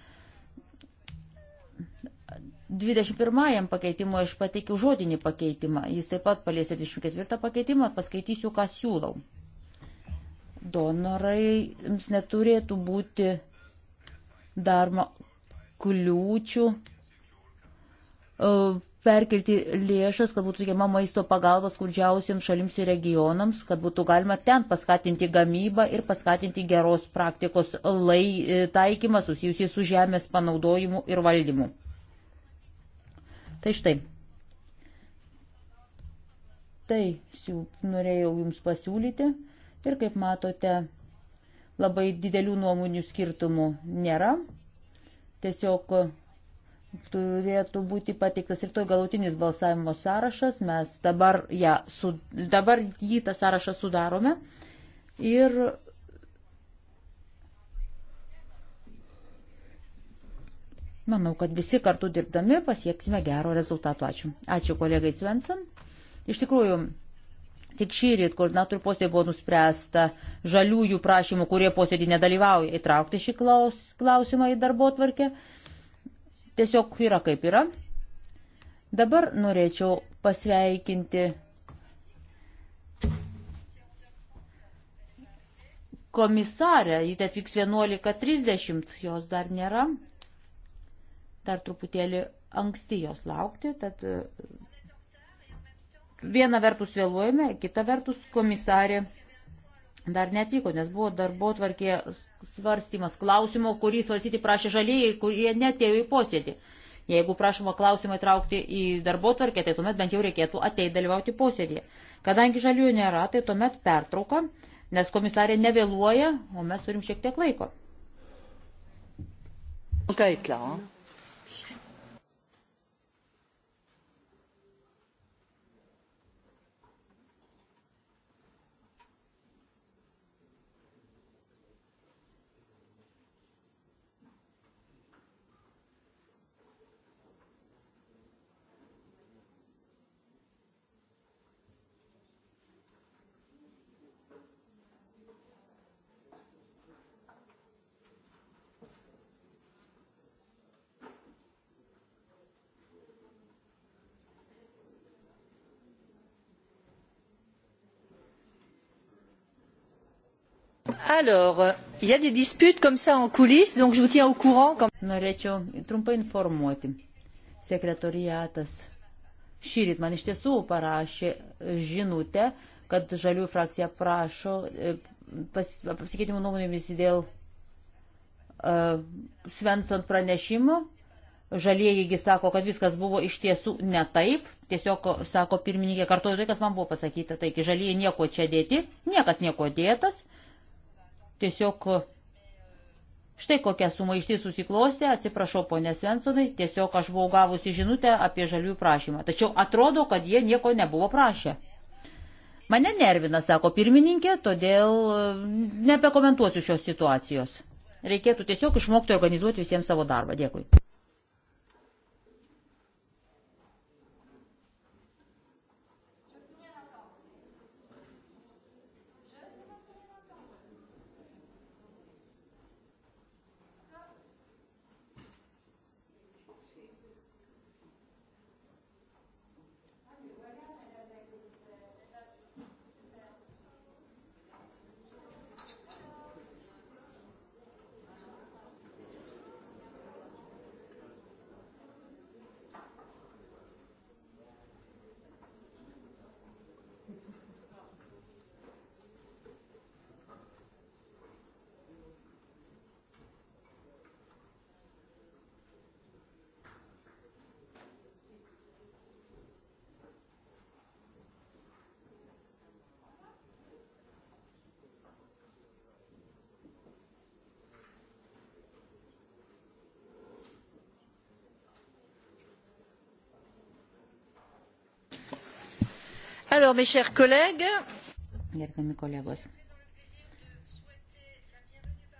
21 pakeitimo aš pateikiu žodinį pakeitimą. Jis taip pat palies 24 pakeitimą, paskaitysiu, ką siūlau. Donorai jums neturėtų būti daroma kliūčių e, perkelti lėšas, kad būtų teikiama maisto pagalba skurdžiausiems šalims ir regionams, kad būtų galima ten paskatinti gamybą ir paskatinti geros praktikos lai, e, taikymą susijusį su žemės panaudojimu ir valdymu. Tai štai. Tai siū, norėjau Jums pasiūlyti ir kaip matote, labai didelių nuomonių skirtumų nėra. Tiesiog turėtų būti pateiktas ir to galutinis balsavimo sąrašas. Mes dabar, ja, su, dabar jį tą sąrašą sudarome. Ir Manau, kad visi kartu dirbdami pasieksime gero rezultato. Ačiū. Ačiū kolegai Svensson. Iš tikrųjų, tik šį rytą koordinatorių posėdį buvo nuspręsta žaliųjų prašymų, kurie posėdį nedalyvauja, įtraukti šį klaus, klausimą į darbo tvarkę. Tiesiog yra kaip yra. Dabar norėčiau pasveikinti komisarę. Ji atvyks 11.30, jos dar nėra. Dar truputėlį anksti jos laukti, tad e, viena vertus vėluojame, kita vertus komisarė dar netvyko, nes buvo darbo tvarkė svarstymas klausimo, kurį svarstyti prašė žalieji, kurie netėjo į posėdį. Jeigu prašoma klausimą įtraukti į darbo tvarkę, tai tuomet bent jau reikėtų ateiti dalyvauti posėdėje. Kadangi žaliųjų nėra, tai tuomet pertrauka, nes komisarė nevėluoja, o mes turim šiek tiek laiko. Okay, klar. Alors, il y a des disputes comme ça en coulisses, donc je vous tiens au courant. Quand... Norėčiau trumpai informuoti. Sekretoriatas šyrit man iš tiesų parašė žinutę, kad žalių frakcija prašo e, pas, pasikeitimų nuomonėmis dėl uh, Svensson pranešimo. Žaliejigi sako, kad viskas buvo iš tiesų ne taip, tiesiog sako pirmininkė, kartuoju tai, kas man buvo pasakyta, taigi žalieji nieko čia dėti, niekas nieko dėtas, uh, tiesiog štai kokia sumaišti susiklostė, atsiprašau ponė Svensonai, tiesiog aš buvau gavusi žinutę apie žaliųjų prašymą. Tačiau atrodo, kad jie nieko nebuvo prašę. Mane nervina, sako pirmininkė, todėl e, nebekomentuosiu šios situacijos. Reikėtų tiesiog išmokti organizuoti visiems savo darbą. Dėkui. Alors, mes chers collègues, gerbiami kolegos,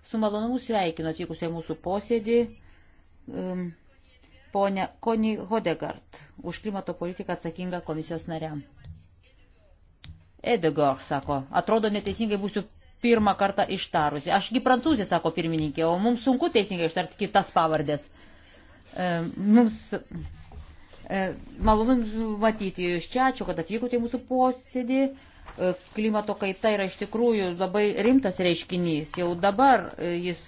su malonumu sveikinu atvykusią mūsų posėdį um, ponę Koni Hodegard už klimato politiką atsakingą komisijos narę. Edegor, sako, atrodo neteisingai būsiu pirmą kartą ištarusi. Ašgi prancūzė, sako pirmininkė, o mums sunku teisingai ištarti kitas pavardės. E, mums E, malonu matyti jūs čia, ačiū, kad atvykote į mūsų posėdį. E, klimato kaita yra iš tikrųjų labai rimtas reiškinys. Jau dabar e, jis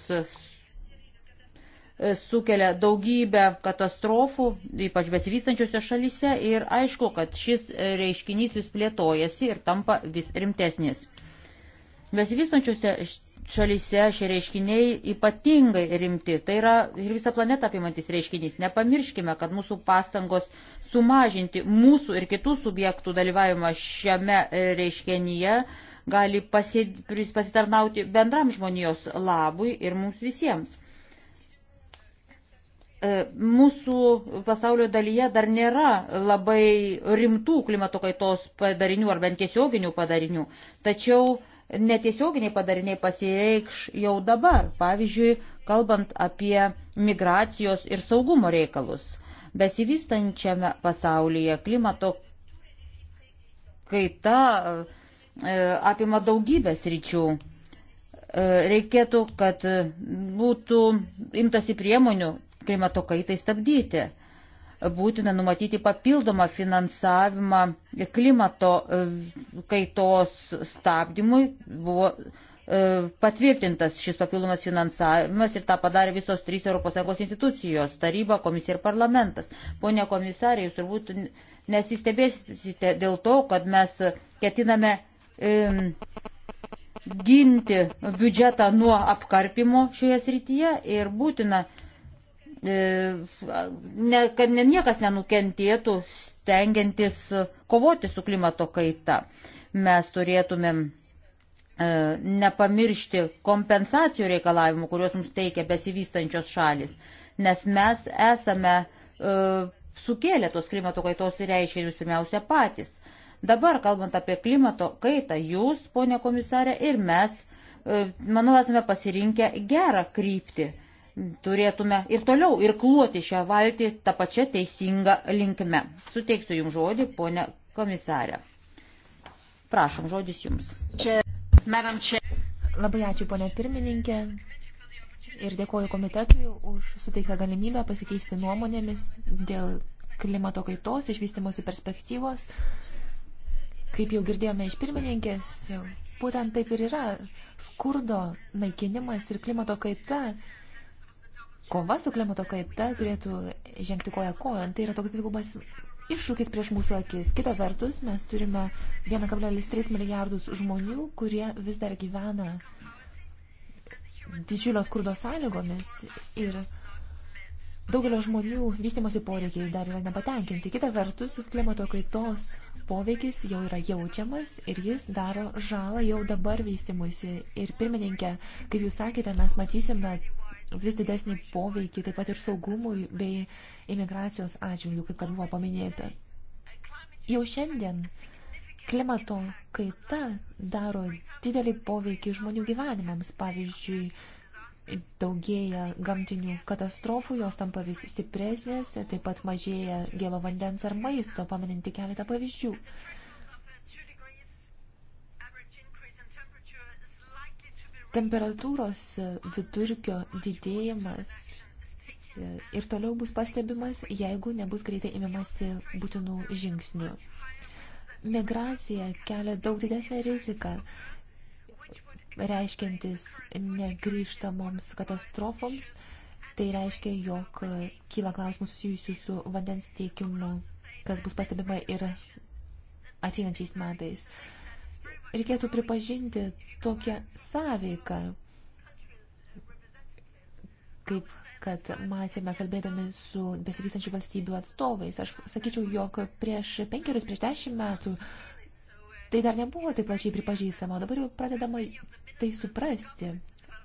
sukelia daugybę katastrofų, ypač besivystančiose šalyse ir aišku, kad šis reiškinys vis plėtojasi ir tampa vis rimtesnis. Besivystančiose šalyse šie reiškiniai ypatingai rimti. Tai yra ir visą planetą apimantis reiškinys. Nepamirškime, kad mūsų pastangos sumažinti mūsų ir kitų subjektų dalyvavimą šiame e, reiškinyje gali pasitarnauti bendram žmonijos labui ir mums visiems. E, mūsų pasaulio dalyje dar nėra labai rimtų klimato kaitos padarinių ar bent tiesioginių padarinių, tačiau netiesioginiai padariniai pasireikš jau dabar, pavyzdžiui, kalbant apie migracijos ir saugumo reikalus. Besivystančiame pasaulyje klimato kaita e, apima daugybės ryčių. E, reikėtų, kad būtų imtasi priemonių klimato kaitai stabdyti būtina numatyti papildomą finansavimą klimato e, kaitos stabdymui. Buvo e, patvirtintas šis papildomas finansavimas ir tą padarė visos trys ES institucijos - taryba, komisija ir parlamentas. Pone komisarė, jūs turbūt nesistebėsite dėl to, kad mes ketiname um, ginti biudžetą nuo apkarpimo šioje srityje ir būtina uh, E, ne, kad niekas nenukentėtų stengiantis kovoti su klimato kaita. Mes turėtumėm e, nepamiršti kompensacijų reikalavimų, kuriuos mums teikia besivystančios šalis, nes mes esame uh, sukėlę tos klimato kaitos reiškinius pirmiausia patys. Dabar, kalbant apie klimato kaitą, jūs, ponė komisarė, ir mes, uh, manau, esame pasirinkę gerą kryptį. Uh, turėtume ir toliau ir kluoti šią valtį tą pačią teisingą linkme. Suteiksiu Jums žodį, ponė komisarė. Prašom, žodis Jums. Čia, madam, čia. Labai ačiū, ponė pirmininkė. Ir dėkoju komitetui už suteiktą galimybę pasikeisti nuomonėmis dėl klimato kaitos, išvystymosi perspektyvos. Kaip jau girdėjome iš pirmininkės, būtent taip ir yra. Skurdo naikinimas ir klimato kaita kova su klimato kaita turėtų žengti koja kojon. Tai yra toks dvigubas iššūkis prieš mūsų akis. Kita vertus, mes turime 1,3 milijardus žmonių, kurie vis dar gyvena didžiulio skurdo sąlygomis ir daugelio žmonių vystimosi poreikiai dar yra nepatenkinti. Kita vertus, klimato kaitos poveikis jau yra jaučiamas ir jis daro žalą jau dabar vystimuisi. Ir pirmininkė, kaip jūs sakėte, mes matysime vis didesnį poveikį taip pat ir saugumui bei imigracijos atžvilgių, kaip kad buvo paminėta. Jau šiandien klimato kaita daro didelį poveikį žmonių gyvenimams. Pavyzdžiui, daugėja gamtinių katastrofų, jos tampa vis stipresnės, taip pat mažėja gėlo vandens ar maisto, pamininti keletą pavyzdžių. Temperatūros vidurkio didėjimas e, ir toliau bus pastebimas, jeigu nebus greitai imamasi būtinų žingsnių. Migracija kelia daug didesnę riziką, reiškiantis negryžtamoms katastrofoms. Tai reiškia, jog kyla klausimų susijusių su vandens tiekimu, kas bus pastebima ir ateinančiais metais reikėtų pripažinti tokią sąveiką, kaip kad matėme kalbėdami su besivystančių valstybių atstovais. Aš sakyčiau, jog prieš penkerius, prieš dešimt metų tai dar nebuvo taip plačiai pripažįstama, o dabar jau pradedama tai suprasti.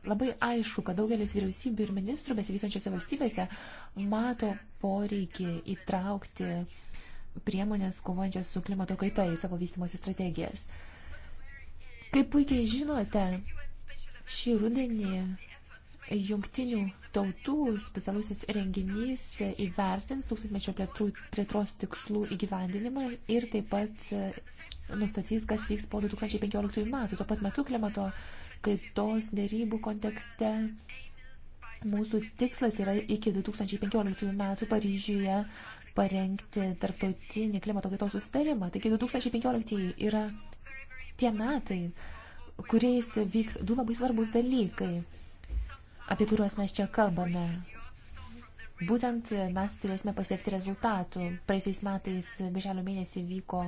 Labai aišku, kad daugelis vyriausybių ir ministrų besivystančiose valstybėse mato poreikį įtraukti priemonės kovojančias su klimato kaita į savo vystimosi strategijas. Uh, Kaip puikiai žinote, šį rudenį jungtinių tautų specialusis renginys įvertins tūkstantmečio plėtros tikslų įgyvendinimą ir taip pat e, nustatys, kas vyks po 2015 metų. Tuo pat metu klimato kaitos dėrybų kontekste mūsų tikslas yra iki 2015 metų Paryžiuje parengti tarptautinį klimato kaitos susitarimą. Taigi 2015 yra tie metai, kuriais vyks du labai svarbus dalykai, apie kuriuos mes čia kalbame. Būtent mes turėsime pasiekti rezultatų. Praėjusiais metais, birželio mėnesį, vyko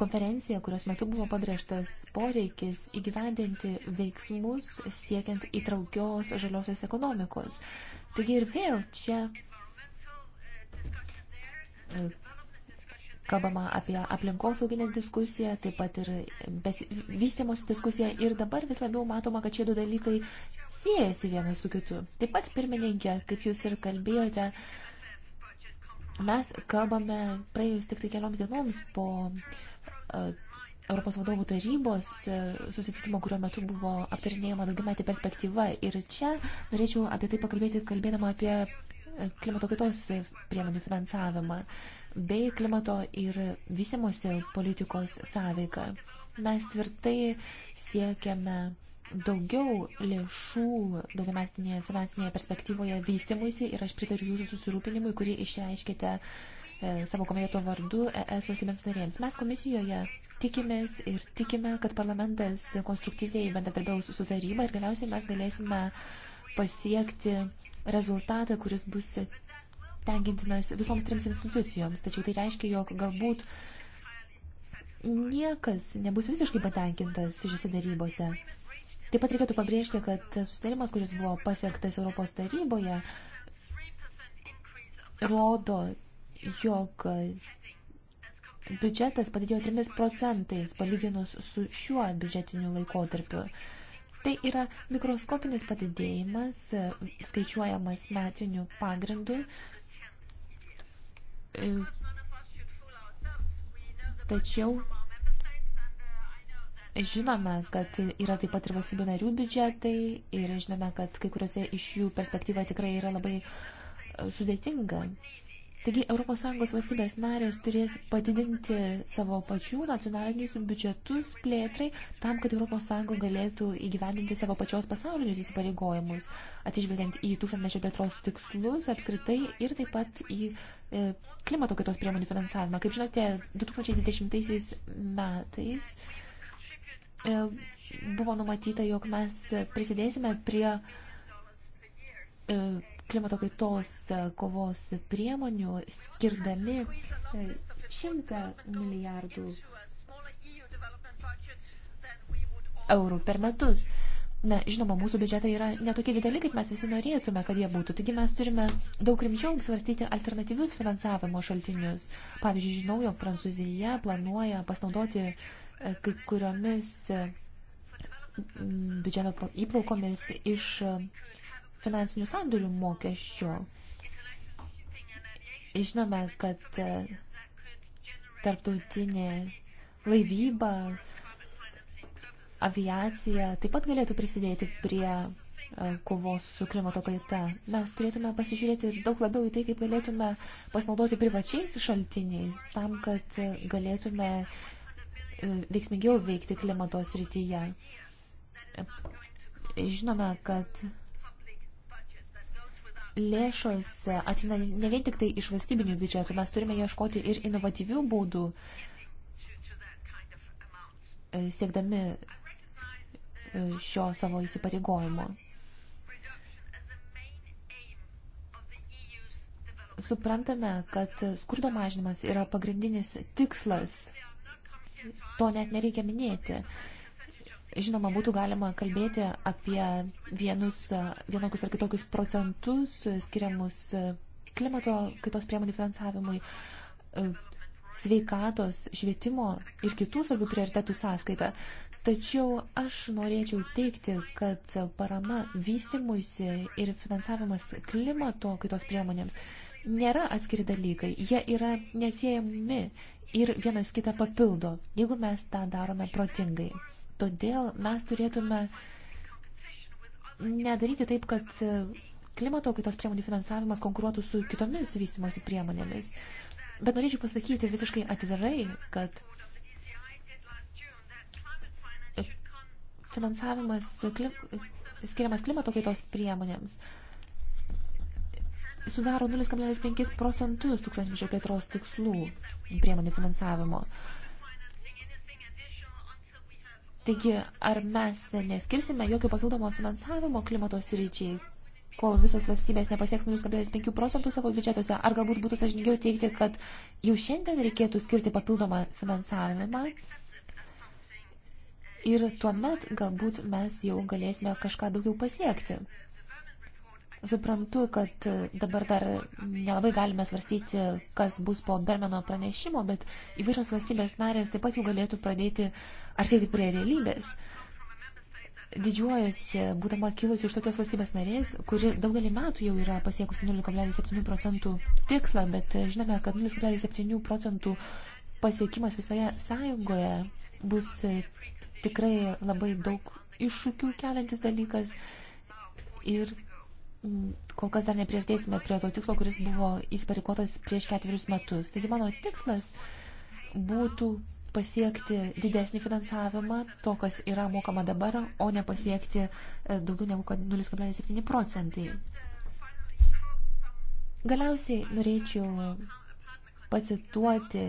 konferencija, kurios metu buvo pabrėžtas poreikis įgyvendinti veiksmus siekiant įtraukios žaliosios ekonomikos. Taigi ir vėl čia kalbama apie aplinkosauginę diskusiją, taip pat ir vystimosi diskusiją ir dabar vis labiau matoma, kad šie du dalykai siejasi vienas su kitu. Taip pat, pirmininkė, kaip jūs ir kalbėjote, mes kalbame praėjus tik tai kelioms dienoms po uh, Europos vadovų tarybos uh, susitikimo, kurio metu buvo aptarinėjama daugiametė perspektyva. Ir čia norėčiau apie tai pakalbėti, kalbėdama apie klimato kaitos priemonių finansavimą bei klimato ir vystimosi politikos sąveiką. Mes tvirtai siekiame daugiau lėšų daugiametinėje finansinėje perspektyvoje vystimuisi ir aš pritariu jūsų susirūpinimui, kurį išreiškite e, savo komiteto vardu ES valstybėms narėms. Mes komisijoje tikimės ir tikime, kad parlamentas konstruktyviai bendradarbiaus su taryba ir galiausiai mes galėsime pasiekti rezultatą, kuris bus tenkintinas visoms trims institucijoms. Tačiau tai reiškia, jog galbūt niekas nebus visiškai patenkintas šiuose darybose. Taip pat reikėtų pabrėžti, kad susitarimas, kuris buvo pasiektas Europos taryboje, rodo, jog biudžetas padidėjo 3 procentais palyginus su šiuo biudžetiniu laikotarpiu. Tai yra mikroskopinis padidėjimas, e, skaičiuojamas metiniu pagrindu. E, tačiau žinome, kad yra taip pat ir valstybių narių biudžetai ir žinome, kad kai kuriuose iš jų perspektyva tikrai yra labai e, sudėtinga. Taigi ES valstybės narės turės padidinti savo pačių nacionalinius biudžetus plėtrai tam, kad ES galėtų įgyvendinti savo pačios pasaulinius įsipareigojimus, atsižvelgiant į tūkstantmečio plėtros tikslus apskritai ir taip pat į e, klimato kaitos priemonių finansavimą. Kaip žinote, 2020 metais e, buvo numatyta, jog mes prisidėsime prie e, klimato kaitos kovos priemonių skirdami 100 e, milijardų eurų per metus. Na, žinoma, mūsų biudžetai yra netokie dideli, kaip mes visi norėtume, kad jie būtų. Taigi mes turime daug rimčiau svarstyti alternatyvius finansavimo šaltinius. Pavyzdžiui, žinau, jog Prancūzija planuoja pasinaudoti e, kai kuriomis e, biudžeto įplaukomis iš finansinių sandorių mokesčio. Žinome, kad e, tarptautinė laivyba, aviacija taip pat galėtų prisidėti prie e, kovos su klimato kaita. Mes turėtume pasižiūrėti daug labiau į tai, kaip galėtume pasinaudoti privačiais šaltiniais, tam, kad galėtume e, veiksmingiau veikti klimato srityje. Žinome, kad lėšos atina ne vien tik tai iš valstybinių biudžetų, mes turime ieškoti ir inovatyvių būdų e, siekdami e, šio savo įsipareigojimo. Suprantame, kad skurdo mažinimas yra pagrindinis tikslas. To net nereikia minėti. Žinoma, būtų galima kalbėti apie vienus, vienokius ar kitokius procentus skiriamus e, klimato kitos priemonių finansavimui, e, sveikatos, švietimo ir kitų svarbių prioritetų sąskaita. Tačiau aš norėčiau teikti, kad parama vystimuisi ir finansavimas klimato kitos priemonėms nėra atskiri dalykai, jie yra nesiejami ir vienas kitą papildo, jeigu mes tą darome protingai. Todėl mes turėtume nedaryti taip, kad klimato kaitos priemonių finansavimas konkuruotų su kitomis vystimosi priemonėmis. Bet norėčiau pasakyti visiškai atvirai, kad finansavimas klim, skiriamas klimato kaitos priemonėms sudaro 0,5 procentus tūkstančio plėtros tikslų priemonių finansavimo. Taigi, ar mes neskirsime jokio papildomo finansavimo klimato sričiai, kol visos valstybės nepasieks 0,5 procentų savo biudžetuose, ar galbūt būtų sažininkiau teikti, kad jau šiandien reikėtų skirti papildomą finansavimą ir tuomet galbūt mes jau galėsime kažką daugiau pasiekti. Suprantu, kad dabar dar nelabai galime svarstyti, kas bus po Bermeno pranešimo, bet įvairios valstybės narės taip pat jau galėtų pradėti artėti tai prie realybės. Didžiuojuosi, būdama kilusi iš tokios valstybės narės, kuri daugelį metų jau yra pasiekusi 0,7 procentų tikslą, bet e, žinome, kad 0,7 procentų pasiekimas visoje sąjungoje bus e, tikrai labai daug iššūkių keliantis dalykas ir kol kas dar neprieštėsime prie to tikslo, kuris buvo įsipareikotas prieš ketverius metus. Taigi mano tikslas būtų pasiekti didesnį finansavimą, to, kas yra mokama dabar, o ne pasiekti e, daugiau negu 0,7 procentai. Galiausiai norėčiau pacituoti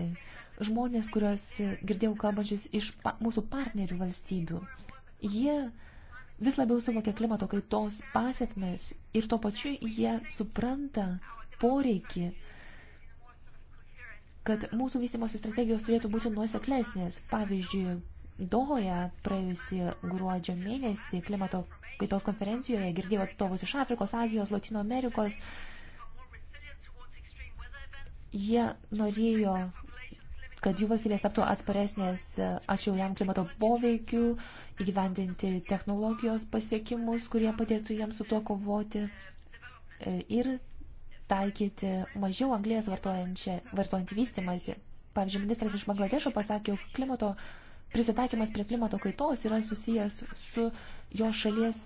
žmonės, kuriuos girdėjau kalbančius iš pa mūsų partnerių valstybių. Jie vis labiau suvokia klimato kaitos pasiekmes ir tuo pačiu jie supranta poreikį uh, kad mūsų vystimosi strategijos turėtų būti nuoseklesnės. Pavyzdžiui, Dohoje praėjusi gruodžio mėnesį klimato kaitos konferencijoje girdėjau atstovus iš Afrikos, Azijos, Latino Amerikos. Jie norėjo, kad jų valstybės taptų atsparesnės atšiauriam klimato poveikiu, įgyvendinti technologijos pasiekimus, kurie padėtų jiems su tuo kovoti e, ir taikyti mažiau anglės vartojantį vystimąsi. Pavyzdžiui, ministras iš Bangladešo pasakė, jog klimato prisitaikymas prie klimato kaitos yra susijęs su jo šalies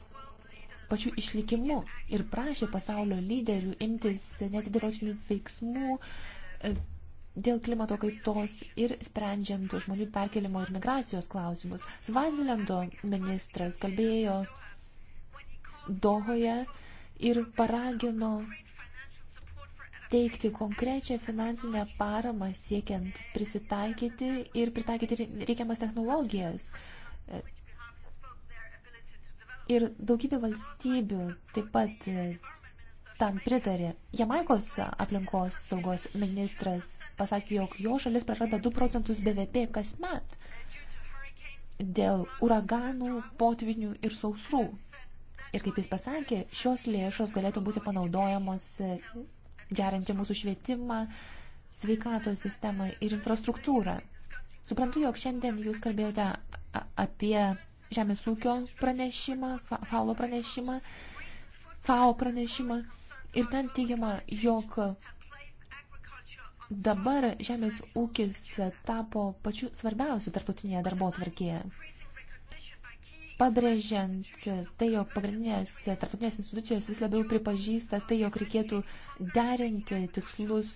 pačiu išlikimu ir prašė pasaulio lyderių imtis netidėliotinių veiksmų e, dėl klimato kaitos ir sprendžiant žmonių perkelimo ir migracijos klausimus. Svazilendo ministras kalbėjo Dohoje ir paragino teikti konkrečią finansinę paramą siekiant prisitaikyti ir pritaikyti reikiamas technologijas. Ir daugybė valstybių taip pat e, tam pritarė. Jamaikos aplinkos saugos ministras pasakė, jog jo šalis prarada 2 procentus BVP kasmet dėl uraganų, potvinių ir sausrų. Ir kaip jis pasakė, šios lėšos galėtų būti panaudojamos e, gerinti mūsų švietimą, sveikatos sistemą ir infrastruktūrą. Suprantu, jog šiandien jūs kalbėjote apie žemės ūkio pranešimą, faulo pranešimą, fao pranešimą ir ten teigiama, jog dabar žemės ūkis tapo pačiu svarbiausiu tarptautinėje darbo tvarkėje pabrėžiant tai, jog pagrindinės tarptautinės institucijos vis labiau pripažįsta tai, jog reikėtų derinti tikslus,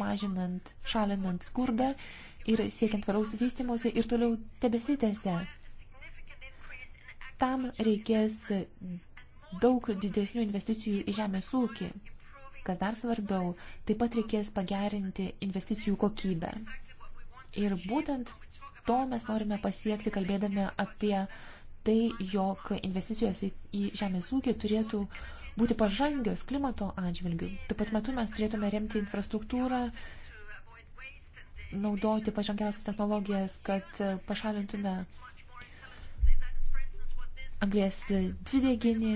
mažinant, šalinant skurdą ir siekiant varaus vystimuose ir toliau tebesitėse. Tam reikės daug didesnių investicijų į žemės ūkį. Kas dar svarbiau, taip pat reikės pagerinti investicijų kokybę. Ir būtent to mes norime pasiekti, kalbėdami apie uh, tai, jog investicijos į žemės ūkį turėtų būti pažangios klimato atžvilgių. Taip pat metu mes turėtume remti infrastruktūrą, naudoti pažangiausias technologijas, kad pašalintume anglės dvideginį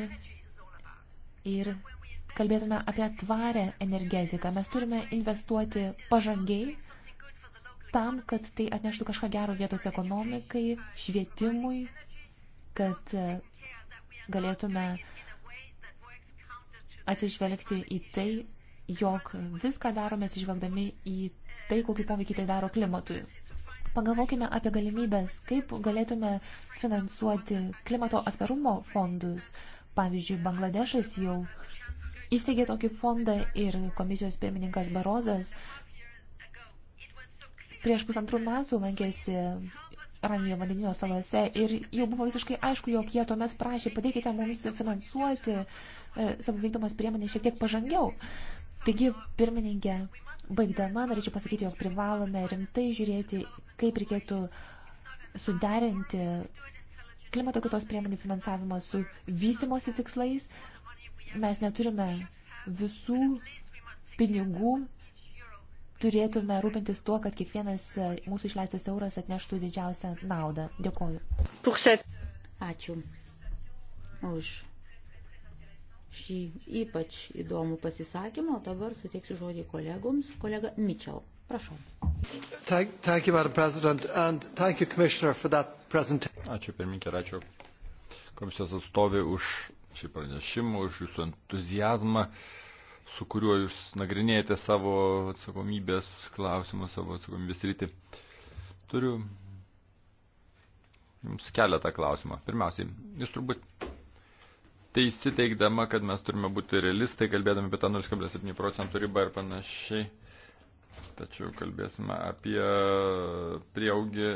ir kalbėtume apie tvarę energetiką. Mes turime investuoti pažangiai tam, kad tai atneštų kažką gero vietos ekonomikai, švietimui kad e, galėtume atsižvelgti į tai, jog viską darome atsižvelgdami į tai, kokį poveikį tai daro klimatui. Pagalvokime apie galimybės, kaip galėtume finansuoti klimato atsparumo fondus. Pavyzdžiui, Bangladešas jau įsteigė tokį fondą ir komisijos pirmininkas Barozas prieš pusantrų metų lankėsi Ramiojo vandenino salose ir jau buvo visiškai aišku, jog jie tuomet prašė, padėkite mums finansuoti e, savo vykdomas priemonės šiek tiek pažangiau. Taigi, pirmininkė, baigdama, norėčiau pasakyti, jog privalome rimtai žiūrėti, kaip reikėtų suderinti klimato kitos priemonių finansavimą su vystimosi tikslais. Mes neturime visų pinigų turėtume rūpintis tuo, kad kiekvienas e, mūsų išleistas euras atneštų didžiausią naudą. Dėkoju. Purset. Ačiū už šį ypač įdomų pasisakymą. O dabar suteiksiu žodį kolegoms. Kolega Mitchell, prašau. Thank, thank you, Madam President, and thank you, Commissioner, for that presentation. Ačiū pirmininkė, ačiū komisijos atstovė už šį pranešimą, už jūsų entuzijazmą. Uh, su kuriuo jūs nagrinėjate savo atsakomybės klausimus, savo atsakomybės rytį. Turiu jums keletą klausimą. Pirmiausiai, jūs turbūt teisi teikdama, kad mes turime būti realistai, kalbėdami apie tą 0,7 procentų ribą ir panašiai. Tačiau kalbėsime apie prieaugį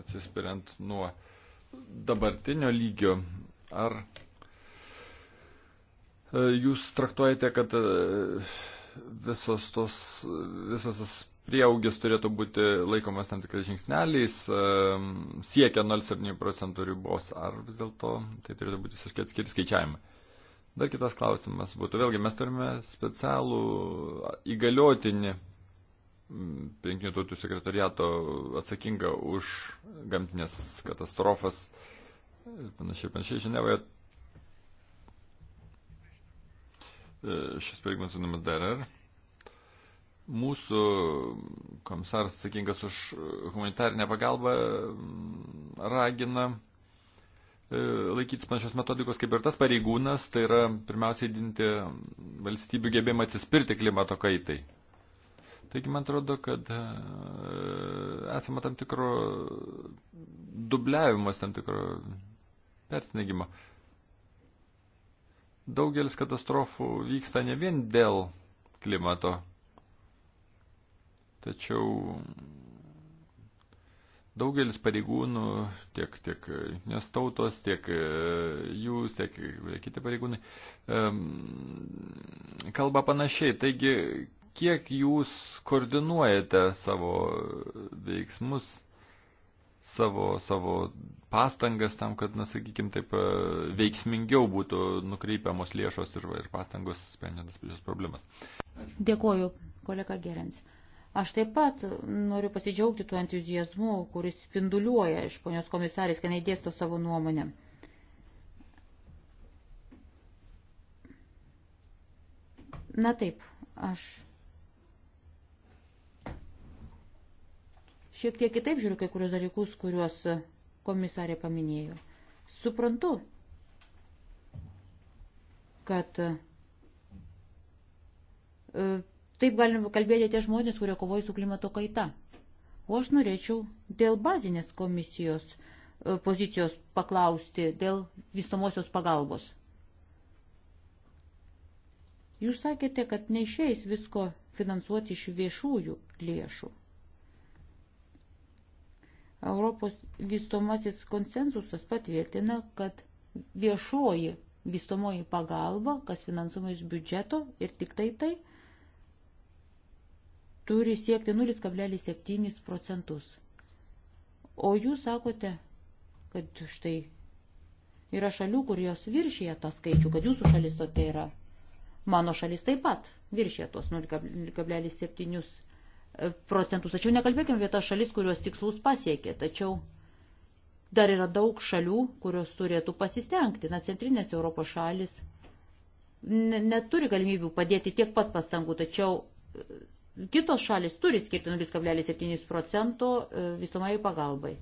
atsispiriant nuo dabartinio lygio. Ar E, jūs traktuojate, kad e, visos tos, visas tas prieaugis turėtų būti laikomas tam tikrais žingsneliais, e, siekia 0,7 procentų ribos, ar vis dėlto tai turėtų būti visiškai atskiri skaičiavimai. Dar kitas klausimas būtų, vėlgi mes turime specialų įgaliotinį Junktinių tautų sekretariato atsakingą už gamtinės katastrofas ir panašiai, panašiai Ženevoje E, šis pareigūnas vadinamas DRR. Mūsų komisaras atsakingas už humanitarinę pagalbą mm, ragina e, laikytis panašios metodikos kaip ir tas pareigūnas, tai yra pirmiausiai didinti valstybių gebėjimą atsispirti klimato kaitai. Taigi man atrodo, kad e, esame tam tikro dubliavimas, tam tikro persinegimo daugelis katastrofų vyksta ne vien dėl klimato, tačiau daugelis pareigūnų, tiek, tiek nes tautos, tiek e, jūs, tiek kiti pareigūnai, kalba panašiai. Taigi, kiek jūs koordinuojate savo veiksmus savo, savo pastangas tam, kad, na, sakykime, taip e, veiksmingiau būtų nukreipiamos lėšos ir, ir pastangos sprendžiant tas problemas. Dėkoju, kolega Gerens. Aš taip pat noriu pasidžiaugti tuo entuzijazmu, kuris spinduliuoja iš ponios komisarės, kai neįdėsto savo nuomonę. Na taip, aš šiek tiek kitaip žiūriu kai kurios dalykus, kuriuos komisarė paminėjo. Suprantu, kad e, taip galim kalbėti tie žmonės, kurie kovoja su klimato kaita. O aš norėčiau dėl bazinės komisijos e, pozicijos paklausti, dėl vystomosios pagalbos. Jūs sakėte, kad neišeis visko finansuoti iš viešųjų lėšų. Europos vystomasis konsensusas patvirtina, kad viešoji vystomoji pagalba, kas finansuojama iš biudžeto ir tik tai tai, turi siekti 0,7 procentus. O jūs sakote, kad štai yra šalių, kur jos viršyje tą skaičių, kad jūsų šalis tokia yra. Mano šalis taip pat viršė tos 0,7 procentus. Tačiau nekalbėkime apie tas šalis, kurios tikslus pasiekė. Tačiau dar yra daug šalių, kurios turėtų pasistengti. Na, centrinės Europos šalis neturi galimybių padėti tiek pat pastangų, tačiau e, kitos šalis turi skirti 0,7 procento e, visomai pagalbai.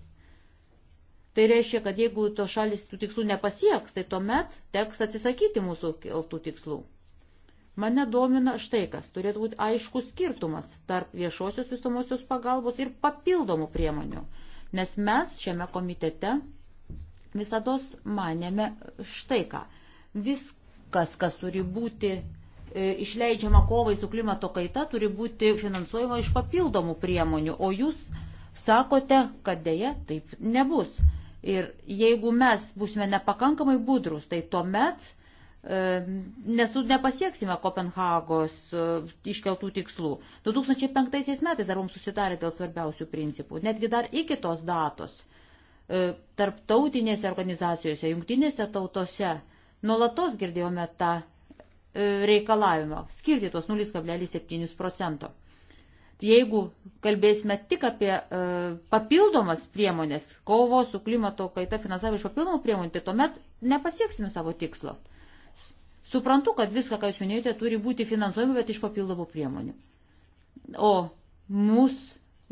Tai reiškia, kad jeigu tos šalis tų tikslų nepasieks, tai tuomet teks atsisakyti mūsų keltų tikslų. Mane domina štai kas, turėtų būti aiškus skirtumas tarp viešosios visomosios pagalbos ir papildomų priemonių, nes mes šiame komitete visada manėme štai ką. Viskas, kas turi būti e, išleidžiama kovai su klimato kaita, turi būti finansuojama iš papildomų priemonių, o jūs sakote, kad dėja taip nebus. Ir jeigu mes būsime nepakankamai budrus, tai tuomet E, nesu, nepasieksime Kopenhagos e, iškeltų tikslų. 2005 metais dar mums susitarė dėl svarbiausių principų, netgi dar iki tos datos. E, tarptautinėse organizacijose, jungtinėse tautose nuolatos girdėjome tą reikalavimą skirti tos 0,7 procento. Jeigu kalbėsime tik apie e, papildomas priemonės, kovo su klimato kaita finansavimo iš papildomų priemonių, tai tuomet nepasieksime savo tikslo. E, Suprantu, kad viską, ką jūs minėjote, turi būti finansuojama, bet iš papildomų priemonių. O mus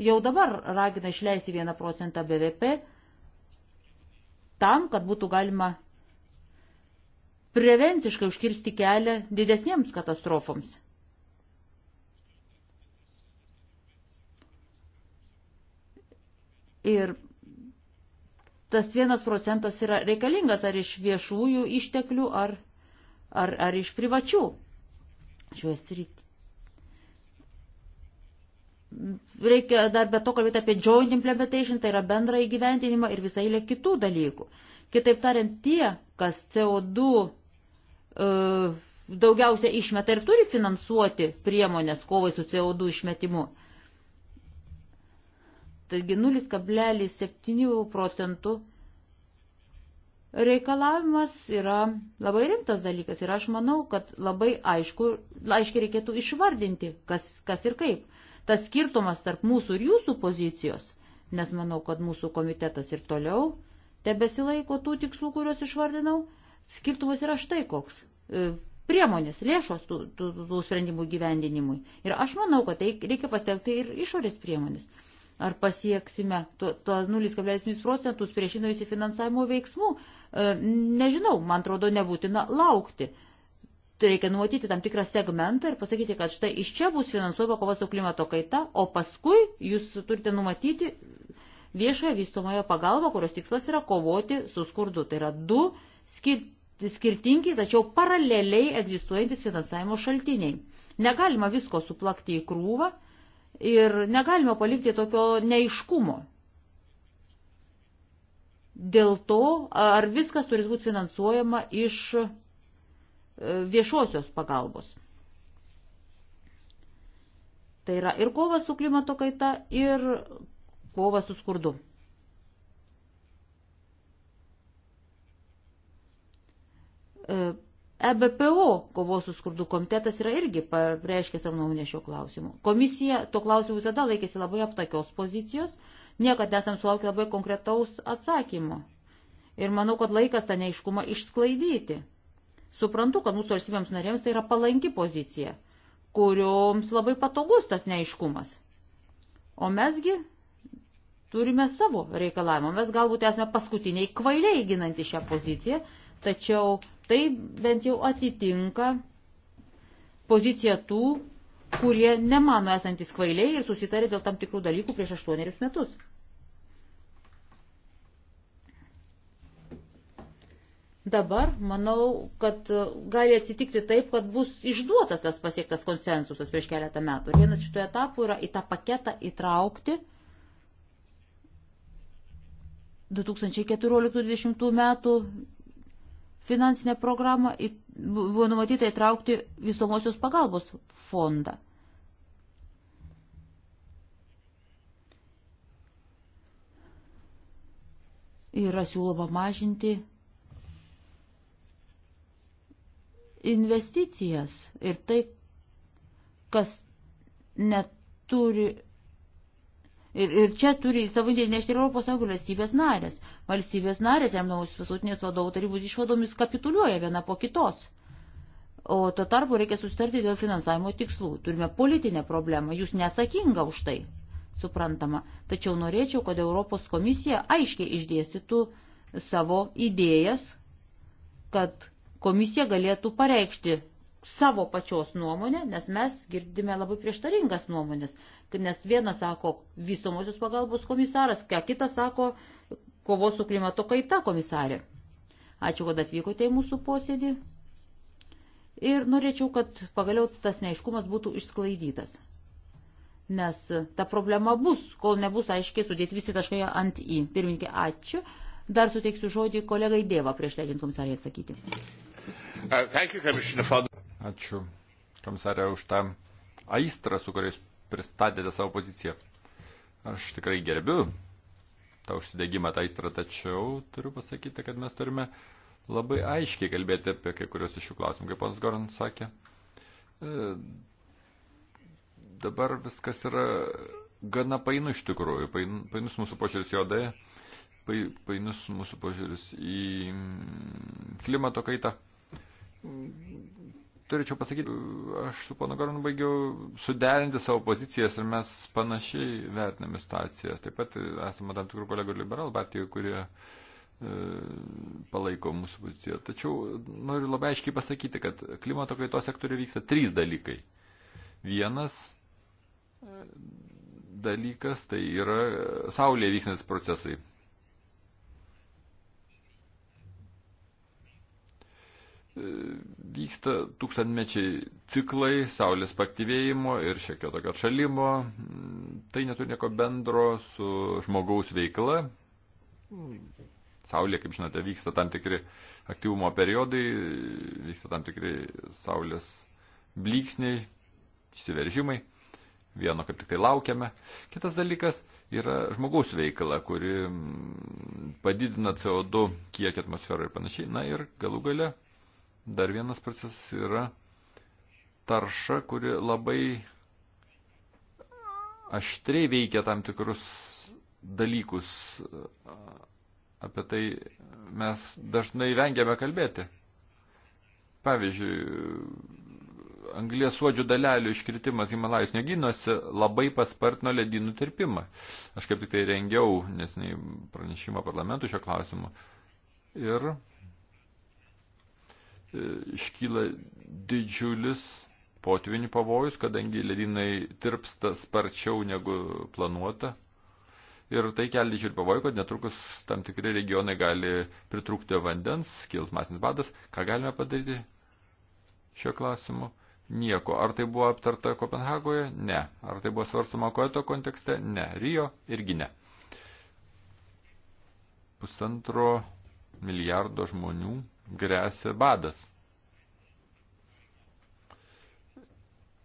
jau dabar ragina išleisti 1 procentą BVP tam, kad būtų galima prevenciškai užkirsti kelią didesniems katastrofoms. Ir tas vienas procentas yra reikalingas ar iš viešųjų išteklių, ar ar, ar iš privačių. Šioje srityje. Reikia dar be to kalbėti apie joint implementation, tai yra bendrą įgyventinimą ir visą eilę kitų dalykų. Kitaip tariant, tie, kas CO2 uh, e, daugiausia išmeta ir turi finansuoti priemonės kovai su CO2 išmetimu. Taigi 0,7 procentų reikalavimas yra labai rimtas dalykas ir aš manau, kad labai aišku, aiškiai reikėtų išvardinti, kas, kas ir kaip. Tas skirtumas tarp mūsų ir jūsų pozicijos, nes manau, kad mūsų komitetas ir toliau tebesilaiko tų tikslų, kuriuos išvardinau, skirtumas yra štai koks. E, priemonės, lėšos tų, tų, tų sprendimų gyvendinimui. Ir aš manau, kad tai reikia pastelgti ir išorės priemonės ar pasieksime to, to 0,7 procentus priešino įsifinansavimo veiksmų, e, nežinau, man atrodo, nebūtina laukti. Tai reikia numatyti tam tikrą segmentą ir pasakyti, kad štai iš čia bus finansuojama kova su klimato kaita, o paskui jūs turite numatyti viešoje vystomoje pagalbą, kurios tikslas yra kovoti su skurdu. Tai yra du skirtingi, tačiau paraleliai egzistuojantis finansavimo šaltiniai. Negalima visko suplakti į krūvą ir negalime palikti tokio neiškumo. Dėl to, ar viskas turi būti finansuojama iš e, viešosios pagalbos. Tai yra ir kova su klimato kaita, ir kova su skurdu. E, EBPO kovos su skurdu komitetas yra irgi pareiškė savo nuomonę šio klausimu. Komisija tuo klausimu visada laikėsi labai aptakios pozicijos, niekada esam sulaukę labai konkretaus atsakymo. Ir manau, kad laikas tą neiškumą išsklaidyti. Suprantu, kad mūsų valstybėms narėms tai yra palanki pozicija, kurioms labai patogus tas neiškumas. O mesgi turime savo reikalavimą. Mes galbūt esame paskutiniai kvailiai ginanti šią poziciją Tačiau tai bent jau atitinka poziciją tų, kurie nemano esantis kvailiai ir susitarė dėl tam tikrų dalykų prieš aštuonerius metus. Dabar manau, kad gali atsitikti taip, kad bus išduotas tas pasiektas konsensusas prieš keletą metų. Ir vienas iš tų etapų yra į tą paketą įtraukti 2014-2020 metų finansinę programą buvo numatyta įtraukti visomosios pagalbos fondą. Yra siūloma mažinti investicijas ir tai, kas neturi Ir, ir čia turi savo indėlį nešti ir Europos Sąjungos valstybės narės. Valstybės narės, remdamosis pasautinės vadovų tarybos išvadomis, kapituliuoja viena po kitos. O tuo tarpu reikia sustarti dėl finansavimo tikslų. Turime politinę problemą, jūs neatsakinga už tai, suprantama. Tačiau norėčiau, kad Europos komisija aiškiai išdėstytų savo idėjas, kad komisija galėtų pareikšti savo pačios nuomonę, nes mes girdime labai prieštaringas nuomonės, nes vienas sako visomosios pagalbos komisaras, ką kitas sako kovos su klimato kaita komisarė. Ačiū, kad atvykote į mūsų posėdį. Ir norėčiau, kad pagaliau tas neiškumas būtų išsklaidytas. Nes ta problema bus, kol nebus aiškiai sudėti visi taškai ant į. Pirminkė, ačiū. Dar suteiksiu žodį kolegai Dėva prieš leidžiant komisarį atsakyti. Uh, you, Ačiū, komisarė, už tą aistrą, su kuriais pristatėte savo poziciją. Aš tikrai gerbiu tą užsidėgymą, tą aistrą, tačiau turiu pasakyti, kad mes turime labai aiškiai kalbėti apie kai kurios iš šių klausimų, kaip ponas Goran sakė. E, dabar viskas yra gana painu iš tikrųjų, pain, painus mūsų požiūris juodai, e, painus mūsų požiūris į mm, klimato kaitą turėčiau pasakyti, aš su panu Garonu baigiau suderinti savo pozicijas ir mes panašiai vertiname situaciją. Taip pat esame tam tikrų kolegų liberalų partijų, kurie e, palaiko mūsų poziciją. Tačiau noriu labai aiškiai pasakyti, kad klimato kaitos sektoriuje vyksta trys dalykai. Vienas e, dalykas tai yra Saulėje vykstantis procesai. vyksta tūkstantmečiai ciklai, saulės paktyvėjimo ir šiek tiek tokio atšalimo. Tai neturi nieko bendro su žmogaus veikla. Saulė, kaip žinote, vyksta tam tikri aktyvumo periodai, vyksta tam tikri saulės blyksniai, išsiveržimai. Vieno kaip tik tai laukiame. Kitas dalykas yra žmogaus veikla, kuri padidina CO2 kiekį atmosferoje ir panašiai. Na ir galų gale Dar vienas procesas yra tarša, kuri labai aštriai veikia tam tikrus dalykus. Apie tai mes dažnai vengiame kalbėti. Pavyzdžiui, anglės suodžių dalelių iškritimas Himalajos snieginuose labai paspartino ledynų tirpimą. Aš kaip tik tai rengiau nesnei pranešimą parlamentui šio klausimu. Ir E, iškyla didžiulis potvinių pavojus, kadangi ledynai tirpsta sparčiau negu planuota. Ir tai kelia didžiulį pavojų, kad netrukus tam tikri regionai gali pritrūkti vandens, kils masinis badas. Ką galime padaryti šiuo klausimu? Nieko. Ar tai buvo aptarta Kopenhagoje? Ne. Ar tai buvo svarstama Koeto kontekste? Ne. Rijo irgi ne. Pusantro milijardo žmonių grėsia badas.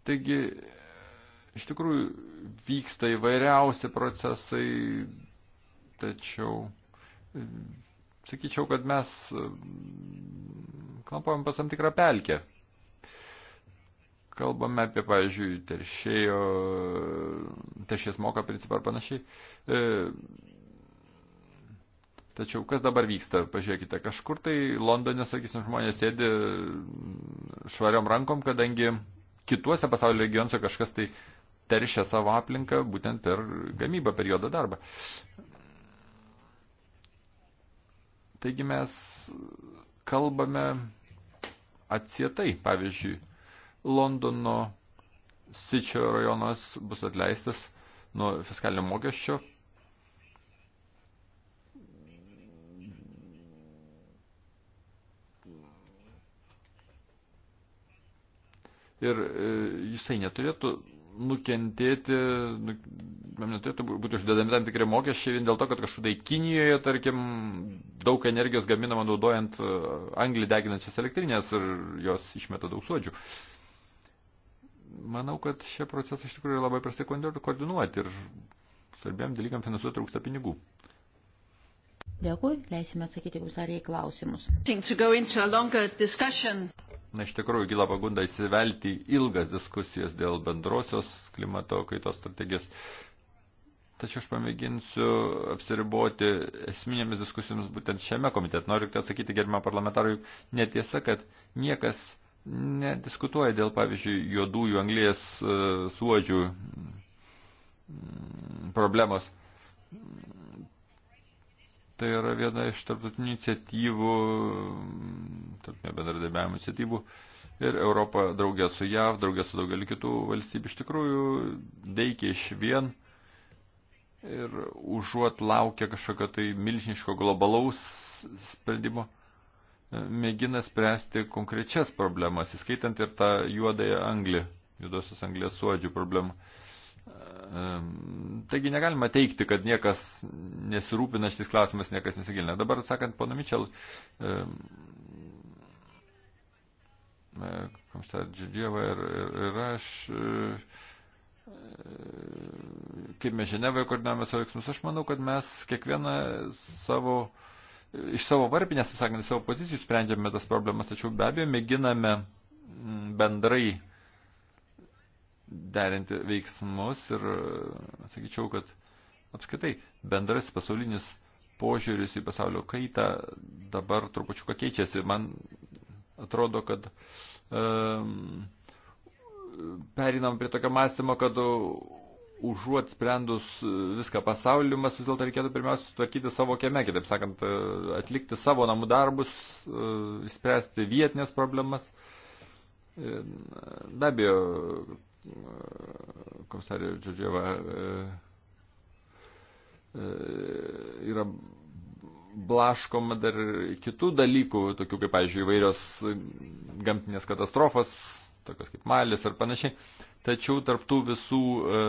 Taigi, iš tikrųjų, vyksta įvairiausi procesai, tačiau sakyčiau, kad mes mm, klampojam pas tam tikrą pelkę. Kalbame apie, pavyzdžiui, teršėjo, teršės moka principą ar panašiai. E, Tačiau kas dabar vyksta? Pažiūrėkite, kažkur tai Londone, sakysim, žmonės sėdi švariom rankom, kadangi kituose pasaulio regionuose kažkas tai teršia savo aplinką būtent per gamybą, per juodą darbą. Taigi mes kalbame atsietai. Pavyzdžiui, Londono Sičio rajonas bus atleistas nuo fiskalinio mokesčio ir e, jisai neturėtų nukentėti, nu, neturėtų būti uždedami tam tikri mokesčiai vien dėl to, kad kažkodai Kinijoje, tarkim, daug energijos gaminama naudojant e, anglį deginančias elektrinės ir jos išmeta daug suodžių. Manau, kad šie procesai iš tikrųjų labai prastai koordinuoti ir svarbiam dalykam finansuoti trūksta pinigų. Dėkui, leisime atsakyti komisariai klausimus. Na, iš tikrųjų, gila pagunda įsivelti ilgas diskusijas dėl bendrosios klimato kaitos strategijos. Tačiau aš pamėginsiu apsiriboti esminėmis diskusijomis būtent šiame komitete. Noriu tik tai atsakyti gerbimą parlamentarui, netiesa, kad niekas nediskutuoja dėl, pavyzdžiui, juodųjų anglės e, suodžių problemos. Tai yra viena iš tarptautinių iniciatyvų, tarptautinio bendradarbiavimo iniciatyvų. Ir Europa draugė su JAV, draugė su daugeliu kitų valstybių iš tikrųjų veikia iš vien ir užuot laukia kažkokio tai milžiniško globalaus sprendimo, mėgina spręsti konkrečias problemas, įskaitant ir tą juodąją anglį, juodosios anglės suodžių problemą. Taigi negalima teikti, kad niekas nesirūpina šis klausimas, niekas nesigilina. Dabar, sakant, pono Mičel, e, komisar Džidžieva ir, ir, ir aš, e, kaip mes Ženevoje koordinavome savo veiksmus, aš manau, kad mes kiekvieną savo, iš savo varpinės, sakant, savo pozicijų sprendžiame tas problemas, tačiau be abejo mėginame bendrai derinti veiksmus ir sakyčiau, kad apskaitai bendras pasaulinis požiūris į pasaulio kaitą dabar trupučiuką keičiasi. Man atrodo, kad um, perinam prie tokio mąstymo, kad užuot sprendus viską pasauliu, mes vis dėlto reikėtų pirmiausia sutvarkyti savo kieme, kitaip sakant, e, atlikti savo namų darbus, e, išspręsti vietinės problemas. E, be abejo, komisarė Džiodžieva e, e, yra blaškoma dar kitų dalykų, tokių kaip, pavyzdžiui, įvairios gamtinės katastrofos, tokios kaip malės ar panašiai. Tačiau tarptų visų e,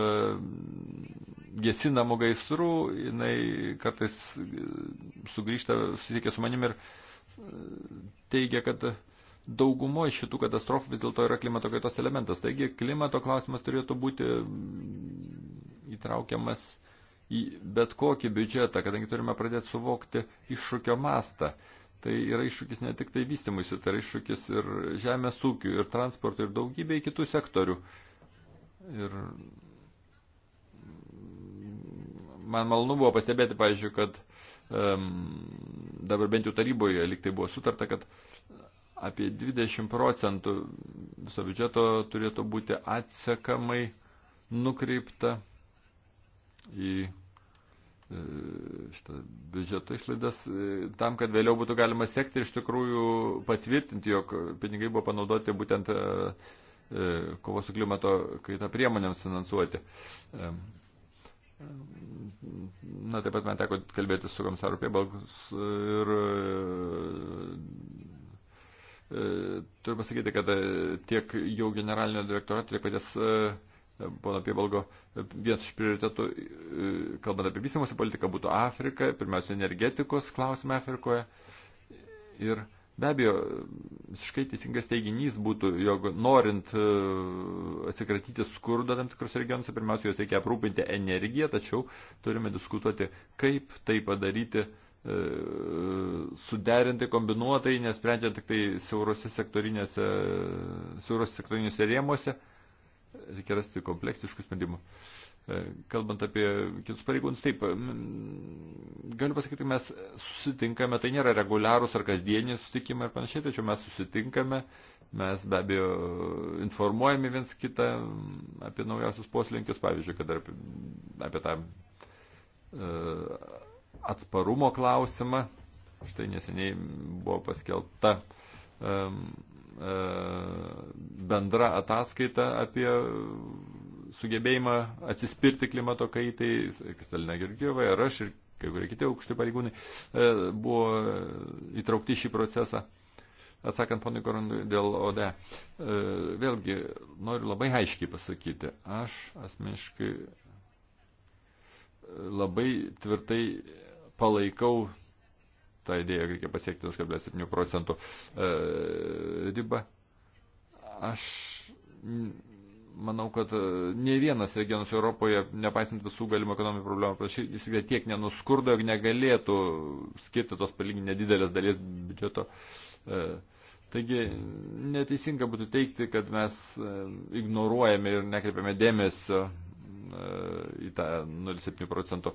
gesinamų gaisrų jinai kartais sugrįžta, susitikia su manim ir e, teigia, kad e, daugumoje šitų katastrofų vis dėlto yra klimato kaitos elementas. Taigi klimato klausimas turėtų būti mm, įtraukiamas į bet kokį biudžetą, kadangi turime pradėti suvokti iššūkio mastą. Tai yra iššūkis ne tik tai vystimuisi, tai yra iššūkis ir žemės ūkių, ir transporto, ir daugybė kitų sektorių. Ir man malonu buvo pastebėti, pavyzdžiui, kad um, dabar bent jau taryboje liktai buvo sutarta, kad uh, apie 20 procentų viso biudžeto turėtų būti atsekamai nukreipta į e, šitą biudžeto išlaidas e, tam, kad vėliau būtų galima sekti ir iš tikrųjų patvirtinti, jog pinigai buvo panaudoti būtent e, kovo su klimato kaita priemonėms finansuoti. Na, taip pat man teko kalbėti su komisaru Piebalks ir E, turiu pasakyti, kad e, tiek jau generalinio direktorato, tiek paties e, pono Piebalgo vienas iš prioritetų, kalbant apie vystimosi politiką, būtų Afrika, pirmiausia, energetikos klausimai Afrikoje. Ir be abejo, visiškai teisingas teiginys būtų, jog norint atsikratyti skurdo tam tikrus regionus, pirmiausia, juos reikia aprūpinti energiją, tačiau turime diskutuoti, kaip tai padaryti E, suderintai, kombinuotai, nesprendžiant tik tai siaurose sektorinėse, siaurose sektorinėse rėmuose, reikia rasti kompleksiškų sprendimų. E, kalbant apie kitus pareigūnus, taip, galiu pasakyti, mes susitinkame, tai nėra reguliarūs ar kasdieniai susitikimai ir panašiai, tačiau mes susitinkame, mes be abejo informuojame viens kitą apie naujausius poslinkius, pavyzdžiui, kad apie, apie tą e, atsparumo klausimą. Štai neseniai buvo paskelbta um, bendra ataskaita apie sugebėjimą atsispirti klimato kaitai, Kristalina Gergieva ir aš ir kai kurie kiti aukšti pareigūnai e, buvo įtraukti šį procesą. Atsakant ponui Korandui dėl ODE, e, vėlgi noriu labai aiškiai pasakyti, aš asmeniškai labai tvirtai palaikau tą idėją, reikia pasiekti 0,7 procentų e, ribą. Aš manau, kad e, ne vienas regionas Europoje, nepaisant visų galimų ekonominių problemų, panašiai, jis tiek nenuskurdo, jog negalėtų skirti tos palyginti nedidelės dalies biudžeto. E, taigi neteisinga būtų teikti, kad mes ignoruojame ir nekreipiame dėmesio į tą 0,7 procento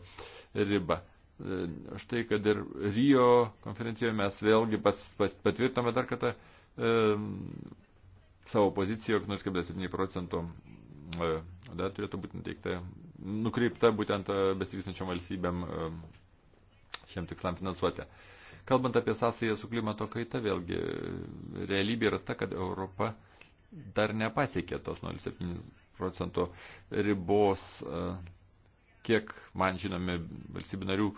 ribą. E, Štai, kad ir Rio konferencijoje mes vėlgi pats, pat, patvirtame dar kartą e, savo poziciją, jog 0,7 procento e, dar turėtų būti nuteikta, nukreipta būtent e, besivystančiom valstybėm e, šiem tikslam finansuoti. Kalbant apie sąsąją su klimato kaita, vėlgi realybė yra ta, kad Europa dar nepasiekė tos 0,7 procento ribos. E, kiek man žinomi valstybių narių e,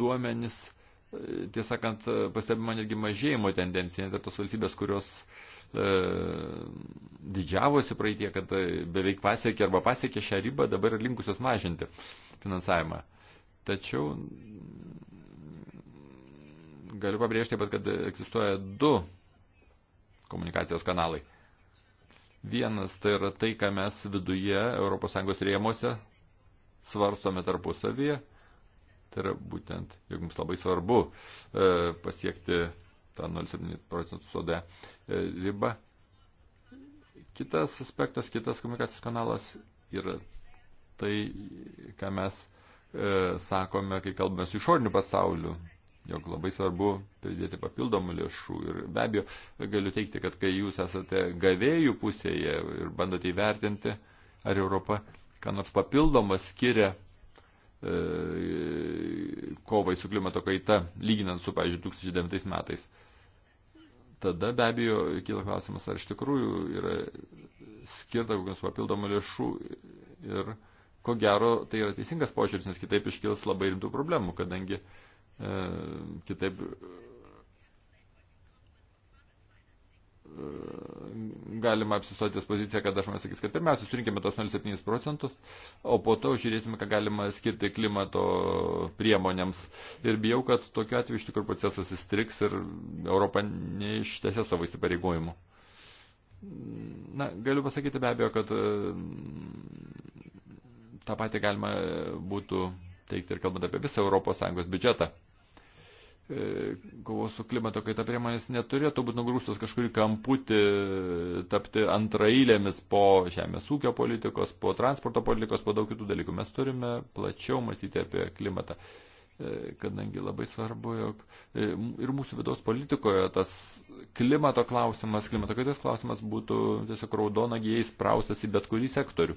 duomenys, e, tiesąkant, e, pastebima netgi mažėjimo tendencija, net ir tos valstybės, kurios e, didžiavosi praeitie, kad beveik pasiekė arba pasiekė šią ribą, dabar yra linkusios mažinti finansavimą. Tačiau galiu pabrėžti, kad egzistuoja du komunikacijos kanalai. Vienas tai yra tai, ką mes viduje ES rėmose svarstome tarpusavyje. Tai yra būtent, jeigu mums labai svarbu e, pasiekti tą 0,7 procentų sode e, ribą. Kitas aspektas, kitas komunikacijos kanalas yra tai, ką mes e, sakome, kai kalbame su išoriniu pasauliu jog labai svarbu pridėti papildomų lėšų. Ir be abejo, galiu teikti, kad kai jūs esate gavėjų pusėje ir bandote įvertinti, ar Europa ką nors papildomą skiria e, kovai su klimato kaita, lyginant su, pavyzdžiui, 2009 metais. Tada be abejo kyla klausimas, ar iš tikrųjų yra skirta kokios papildomų lėšų ir ko gero tai yra teisingas požiūris, nes kitaip iškils labai rimtų problemų, kadangi uh, E, kitaip e, galima apsistoti ties poziciją, kad žmonės sakys, kad pirmiausia surinkime tos 0,7 procentus, o po to žiūrėsime, ką galima skirti klimato priemonėms. Ir bijau, kad tokiu atveju iš tikrųjų procesas įstriks ir Europa neištesė savo įsipareigojimų. Na, galiu pasakyti be abejo, kad e, tą patį galima būtų teikti ir kalbant apie visą ES biudžetą. E, kovos su klimato kaita priemonės neturėtų būti nugrūstos kažkurį kamputį, e, tapti antrailėmis po žemės ūkio politikos, po transporto politikos, po daug kitų dalykų. Mes turime plačiau mąstyti apie klimatą, e, kadangi labai svarbu, jog ir mūsų vidaus politikoje tas klimato klausimas, klimato kaitos klausimas būtų tiesiog raudonagiais prausęs į bet kurį sektorių.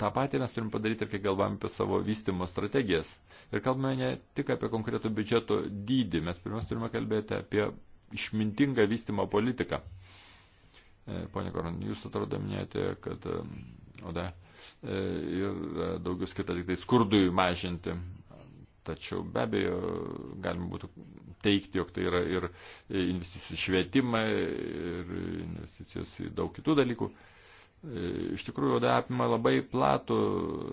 Ta patį mes turim padaryti ir kai galvojam apie savo vystimo strategijas Ir kalbame ne tik apie konkretų biudžeto dydį, mes pirmiausia turime kalbėti apie išmintingą vystimo politiką. E, Pone Koron, jūs atrodo minėjote, kad e, oda ir e, daugiau skirta tik tai skurdui mažinti. Tačiau be abejo galima būtų teikti, jog tai yra ir investicijų švietimą, ir investicijos į daug kitų dalykų. E, E, iš tikrųjų oda apima labai platų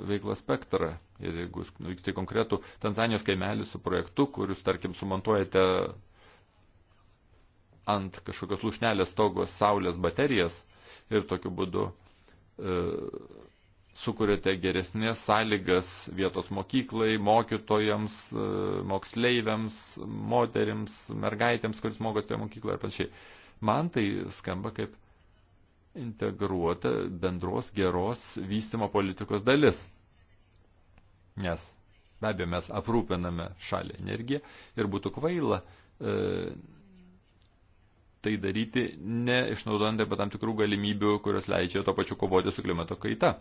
veiklą spektrą. Ir jeigu nuvyksite į konkretų Tanzanijos kaimelį su projektu, kuris, tarkim, sumontuojate ant kažkokios lūšnelės stogos saulės baterijas ir tokiu būdu e, sukūrėte geresnės sąlygas vietos mokyklai, mokytojams, e, moksleiviams, moteriams, mergaitėms, kuris mokosi toje mokykloje ir panašiai. Man tai skamba kaip integruota bendros geros vystimo politikos dalis. Nes be abejo mes aprūpiname šalį energiją ir būtų kvaila e, tai daryti, neišnaudojant apie tam tikrų galimybių, kurios leidžia to pačiu kovoti su klimato kaita.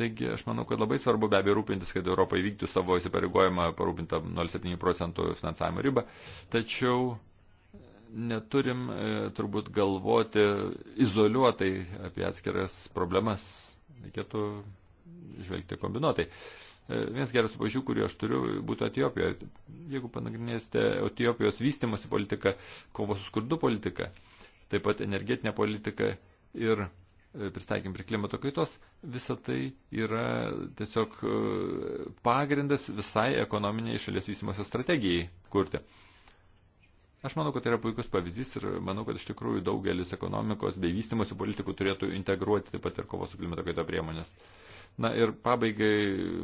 Taigi aš manau, kad labai svarbu be abejo rūpintis, kad Europa įvyktų savo įsipareigojimą parūpintą 0,7 procentų finansavimo ribą, tačiau neturim e, turbūt galvoti izoliuotai apie atskiras problemas. Reikėtų žvelgti kombinuotai. E, vienas geras pavyzdžių, kurį aš turiu, būtų Etijopijoje. Jeigu panagrinėsite Etijopijos vystimosi politiką, kovos su skurdu politiką, taip pat energetinę politiką ir e, pristaikim prie klimato kaitos, visa tai yra tiesiog pagrindas visai ekonominiai šalies vystimosi strategijai kurti. Aš manau, kad tai yra puikus pavyzdys ir manau, kad iš tikrųjų daugelis ekonomikos bei vystimosi politikų turėtų integruoti taip pat ir kovos su klimato kaita priemonės. Na ir pabaigai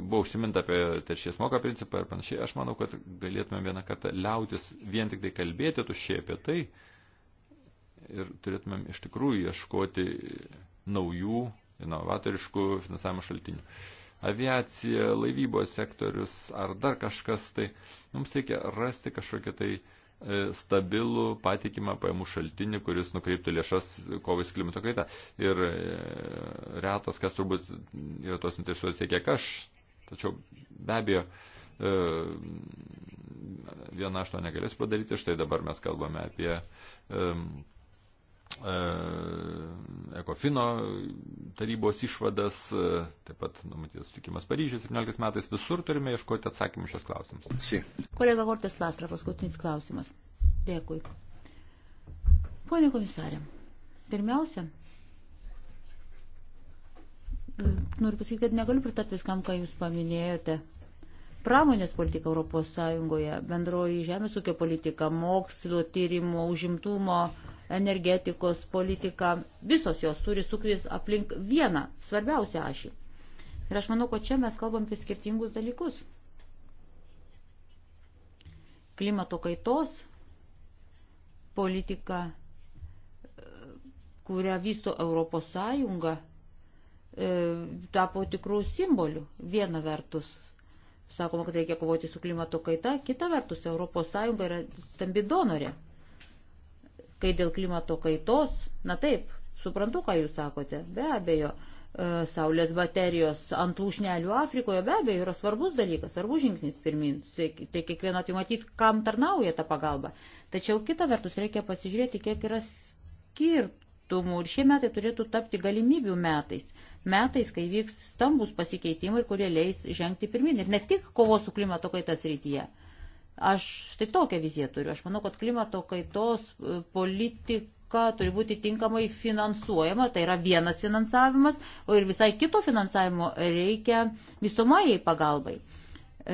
buvo užsiminta apie teršies moka principą ir panašiai. Aš manau, kad galėtume vieną kartą liautis vien tik tai kalbėti tušiai apie tai ir turėtumėm iš tikrųjų ieškoti naujų, inovatoriškų finansavimo šaltinių aviacija, laivybos sektorius ar dar kažkas, tai mums reikia rasti kažkokią tai E, stabilų patikimą pajamų šaltinį, kuris nukreiptų lėšas kovai su klimato kaita. Ir e, retas, kas turbūt yra tos interesuotas tiek, kiek aš, tačiau be abejo, e, viena aš to negalėsiu padaryti, štai dabar mes kalbame apie E, Ekofino tarybos išvadas, e, taip pat numatytas sutikimas Paryžiuje 17 metais, visur turime ieškoti atsakymų šios klausimus. Si. Kolega Vortas Lastra, paskutinis klausimas. Dėkui. Pone komisarė, pirmiausia, noriu pasakyti, kad negaliu pritarti viskam, ką Jūs paminėjote. Pramonės politika Europos Sąjungoje, bendroji žemės ūkio politika, mokslo tyrimo, užimtumo energetikos politika, visos jos turi sukvis aplink vieną svarbiausią ašį. Ir aš manau, kad čia mes kalbam apie skirtingus dalykus. Klimato kaitos politika, kurią vysto Europos Sąjunga, e, tapo tikrų simbolių. Viena vertus sakoma, kad reikia kovoti su klimato kaita, kita vertus ES yra stambi donorė Kai dėl klimato kaitos, na taip, suprantu, ką jūs sakote, be abejo, e, saulės baterijos ant lūšnelių Afrikoje be abejo yra svarbus dalykas, svarbus žingsnis pirmin. Tai kiekvieno tai matyti, kam tarnauja ta pagalba. Tačiau kita vertus reikia pasižiūrėti, kiek yra skirtumų ir šie metai turėtų tapti galimybių metais. Metais, kai vyks stambus pasikeitimai, kurie leis žengti pirmin ir ne tik kovos su klimato kaitas rytyje. Aš štai tokią viziją turiu. Aš manau, kad klimato kaitos e, politika turi būti tinkamai finansuojama. Tai yra vienas finansavimas, o ir visai kito finansavimo reikia vystomajai pagalbai.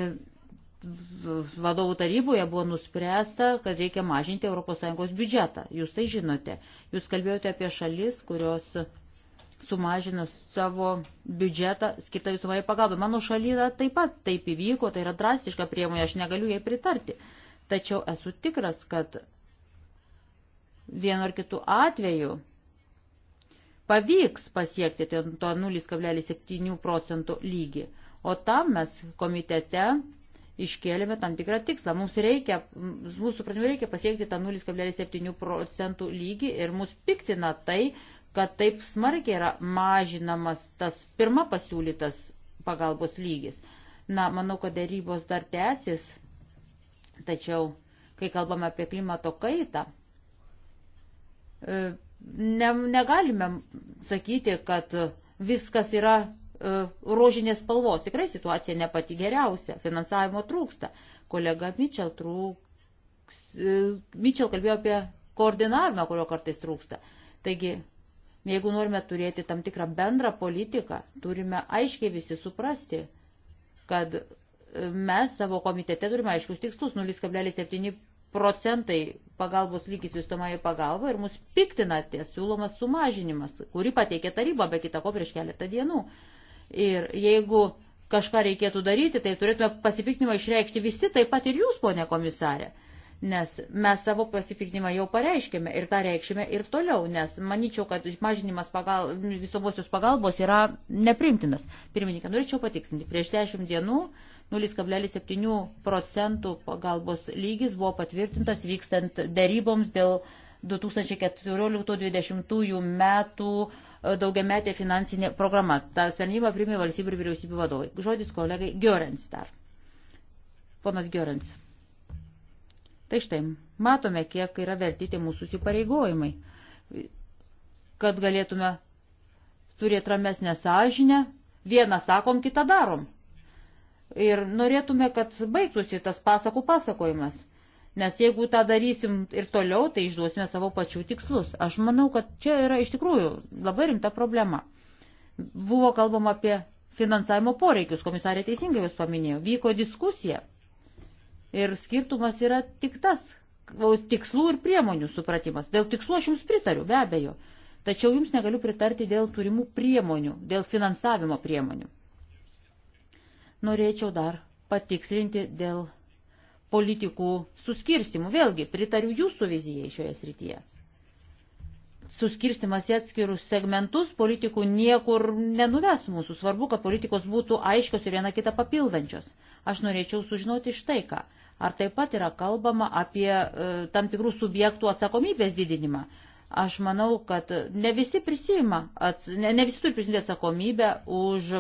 E, vadovų taryboje buvo nuspręsta, kad reikia mažinti ES biudžetą. Jūs tai žinote. Jūs kalbėjote apie šalis, kurios sumažinus savo biudžetą kitai sumai pagalbai. Mano šalyje taip pat taip įvyko, tai yra drastiška priemonė, aš negaliu jai pritarti. Tačiau esu tikras, kad vienu ar kitu atveju pavyks pasiekti to 0,7 procentų lygį. O tam mes komitete iškėlėme tam tikrą tikslą. Mums reikia, mūsų supratimu, reikia pasiekti tą 0,7 procentų lygį ir mus piktina tai, kad taip smarkiai yra mažinamas tas pirma pasiūlytas pagalbos lygis. Na, manau, kad dėrybos dar tęsis, tačiau, kai kalbame apie klimato kaitą, e, ne, negalime sakyti, kad viskas yra e, rožinės spalvos. Tikrai situacija ne pati geriausia, finansavimo trūksta. Kolega Mitchell, trūks, e, Mitchell kalbėjo apie koordinavimą, kurio kartais trūksta. Taigi Jeigu norime turėti tam tikrą bendrą politiką, turime aiškiai visi suprasti, kad e, mes savo komitete turime aiškius tikslus 0,7 procentai pagalbos lygis vystomai pagalba ir mus piktina ties siūlomas sumažinimas, kurį pateikė taryba be kitako prieš keletą dienų. Ir jeigu kažką reikėtų daryti, tai turėtume pasipiktinimą išreikšti visi, taip pat ir jūs, ponė komisarė nes mes savo pasipiktinimą jau pareiškėme ir tą reikšime ir toliau, nes manyčiau, kad mažinimas pagal, visomosios pagalbos yra neprimtinas. Pirmininkė, norėčiau patiksinti, prieš 10 dienų 0,7 procentų pagalbos lygis buvo patvirtintas vykstant deryboms dėl 2014-2020 metų e, daugiametė finansinė programa. Ta sprendimą primė valstybių ir vyriausybių vadovai. Žodis kolegai Giorens dar. Ponas Giorens. Tai štai, matome, kiek yra vertyti mūsų įsipareigojimai, kad galėtume turėti ramesnę sąžinę, vieną sakom, kitą darom. Ir norėtume, kad baigtųsi tas pasakų pasakojimas. Nes jeigu tą darysim ir toliau, tai išduosime savo pačių tikslus. Aš manau, kad čia yra iš tikrųjų labai rimta problema. Buvo kalbama apie finansavimo poreikius, komisarė teisingai jūs paminėjo, vyko diskusija Ir skirtumas yra tik tas, tikslų ir priemonių supratimas. Dėl tikslų aš jums pritariu, be abejo. Tačiau jums negaliu pritarti dėl turimų priemonių, dėl finansavimo priemonių. Norėčiau dar patikslinti dėl politikų suskirstimų. Vėlgi, pritariu jūsų vizijai šioje srityje. Suskirstimas į atskirus segmentus politikų niekur nenuves mūsų. Svarbu, kad politikos būtų aiškios ir viena kitą papildančios. Aš norėčiau sužinoti štai ką. Ar taip pat yra kalbama apie e, tam tikrų subjektų atsakomybės didinimą? Aš manau, kad ne visi prisima, ne, ne visi turi prisimti atsakomybę už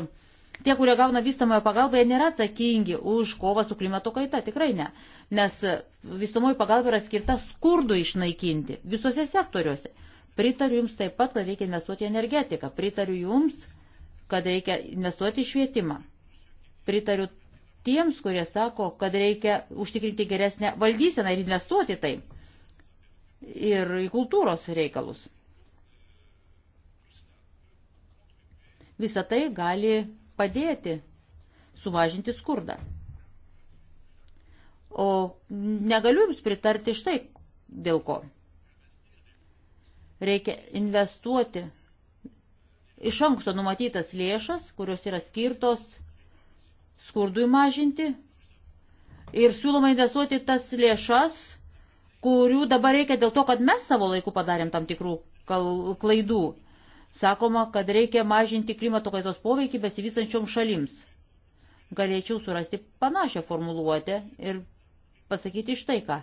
tie, kurie gauna vystamojo pagalbą, jie nėra atsakingi už kovą su klimato kaita, tikrai ne. Nes vystamojo pagalba yra skirta skurdu išnaikinti visose sektoriuose. Pritariu Jums taip pat, kad reikia investuoti į energetiką. Pritariu Jums, kad reikia investuoti į švietimą. Pritariu tiems, kurie sako, kad reikia užtikrinti geresnę valdyseną ir investuoti tai ir į kultūros reikalus. Visą tai gali padėti sumažinti skurdą. O negaliu Jums pritarti štai dėl ko. Reikia investuoti iš anksto numatytas lėšas, kurios yra skirtos skurdui mažinti ir siūloma investuoti tas lėšas, kurių dabar reikia dėl to, kad mes savo laiku padarėm tam tikrų klaidų. Sakoma, kad reikia mažinti klimato kaitos poveikį besivystančiom šalims. Galėčiau surasti panašią formuluotę ir pasakyti štai ką.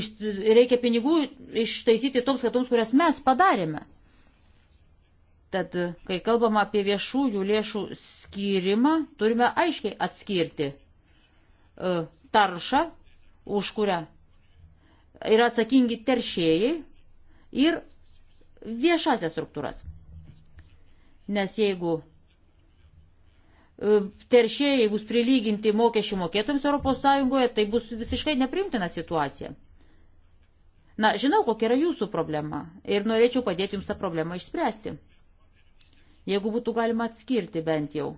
Iš, reikia pinigų ištaisyti toms katoms, kurias mes padarėme. Tad, kai kalbam apie viešųjų lėšų skyrimą, turime aiškiai atskirti e, taršą, už kurią yra atsakingi teršėjai ir viešasias struktūras. Nes jeigu e, teršėjai bus prilyginti mokesčių mokėtams ES, tai bus visiškai neprimtina situacija. Na, žinau, kokia yra jūsų problema ir norėčiau padėti jums tą problemą išspręsti. Jeigu būtų galima atskirti bent jau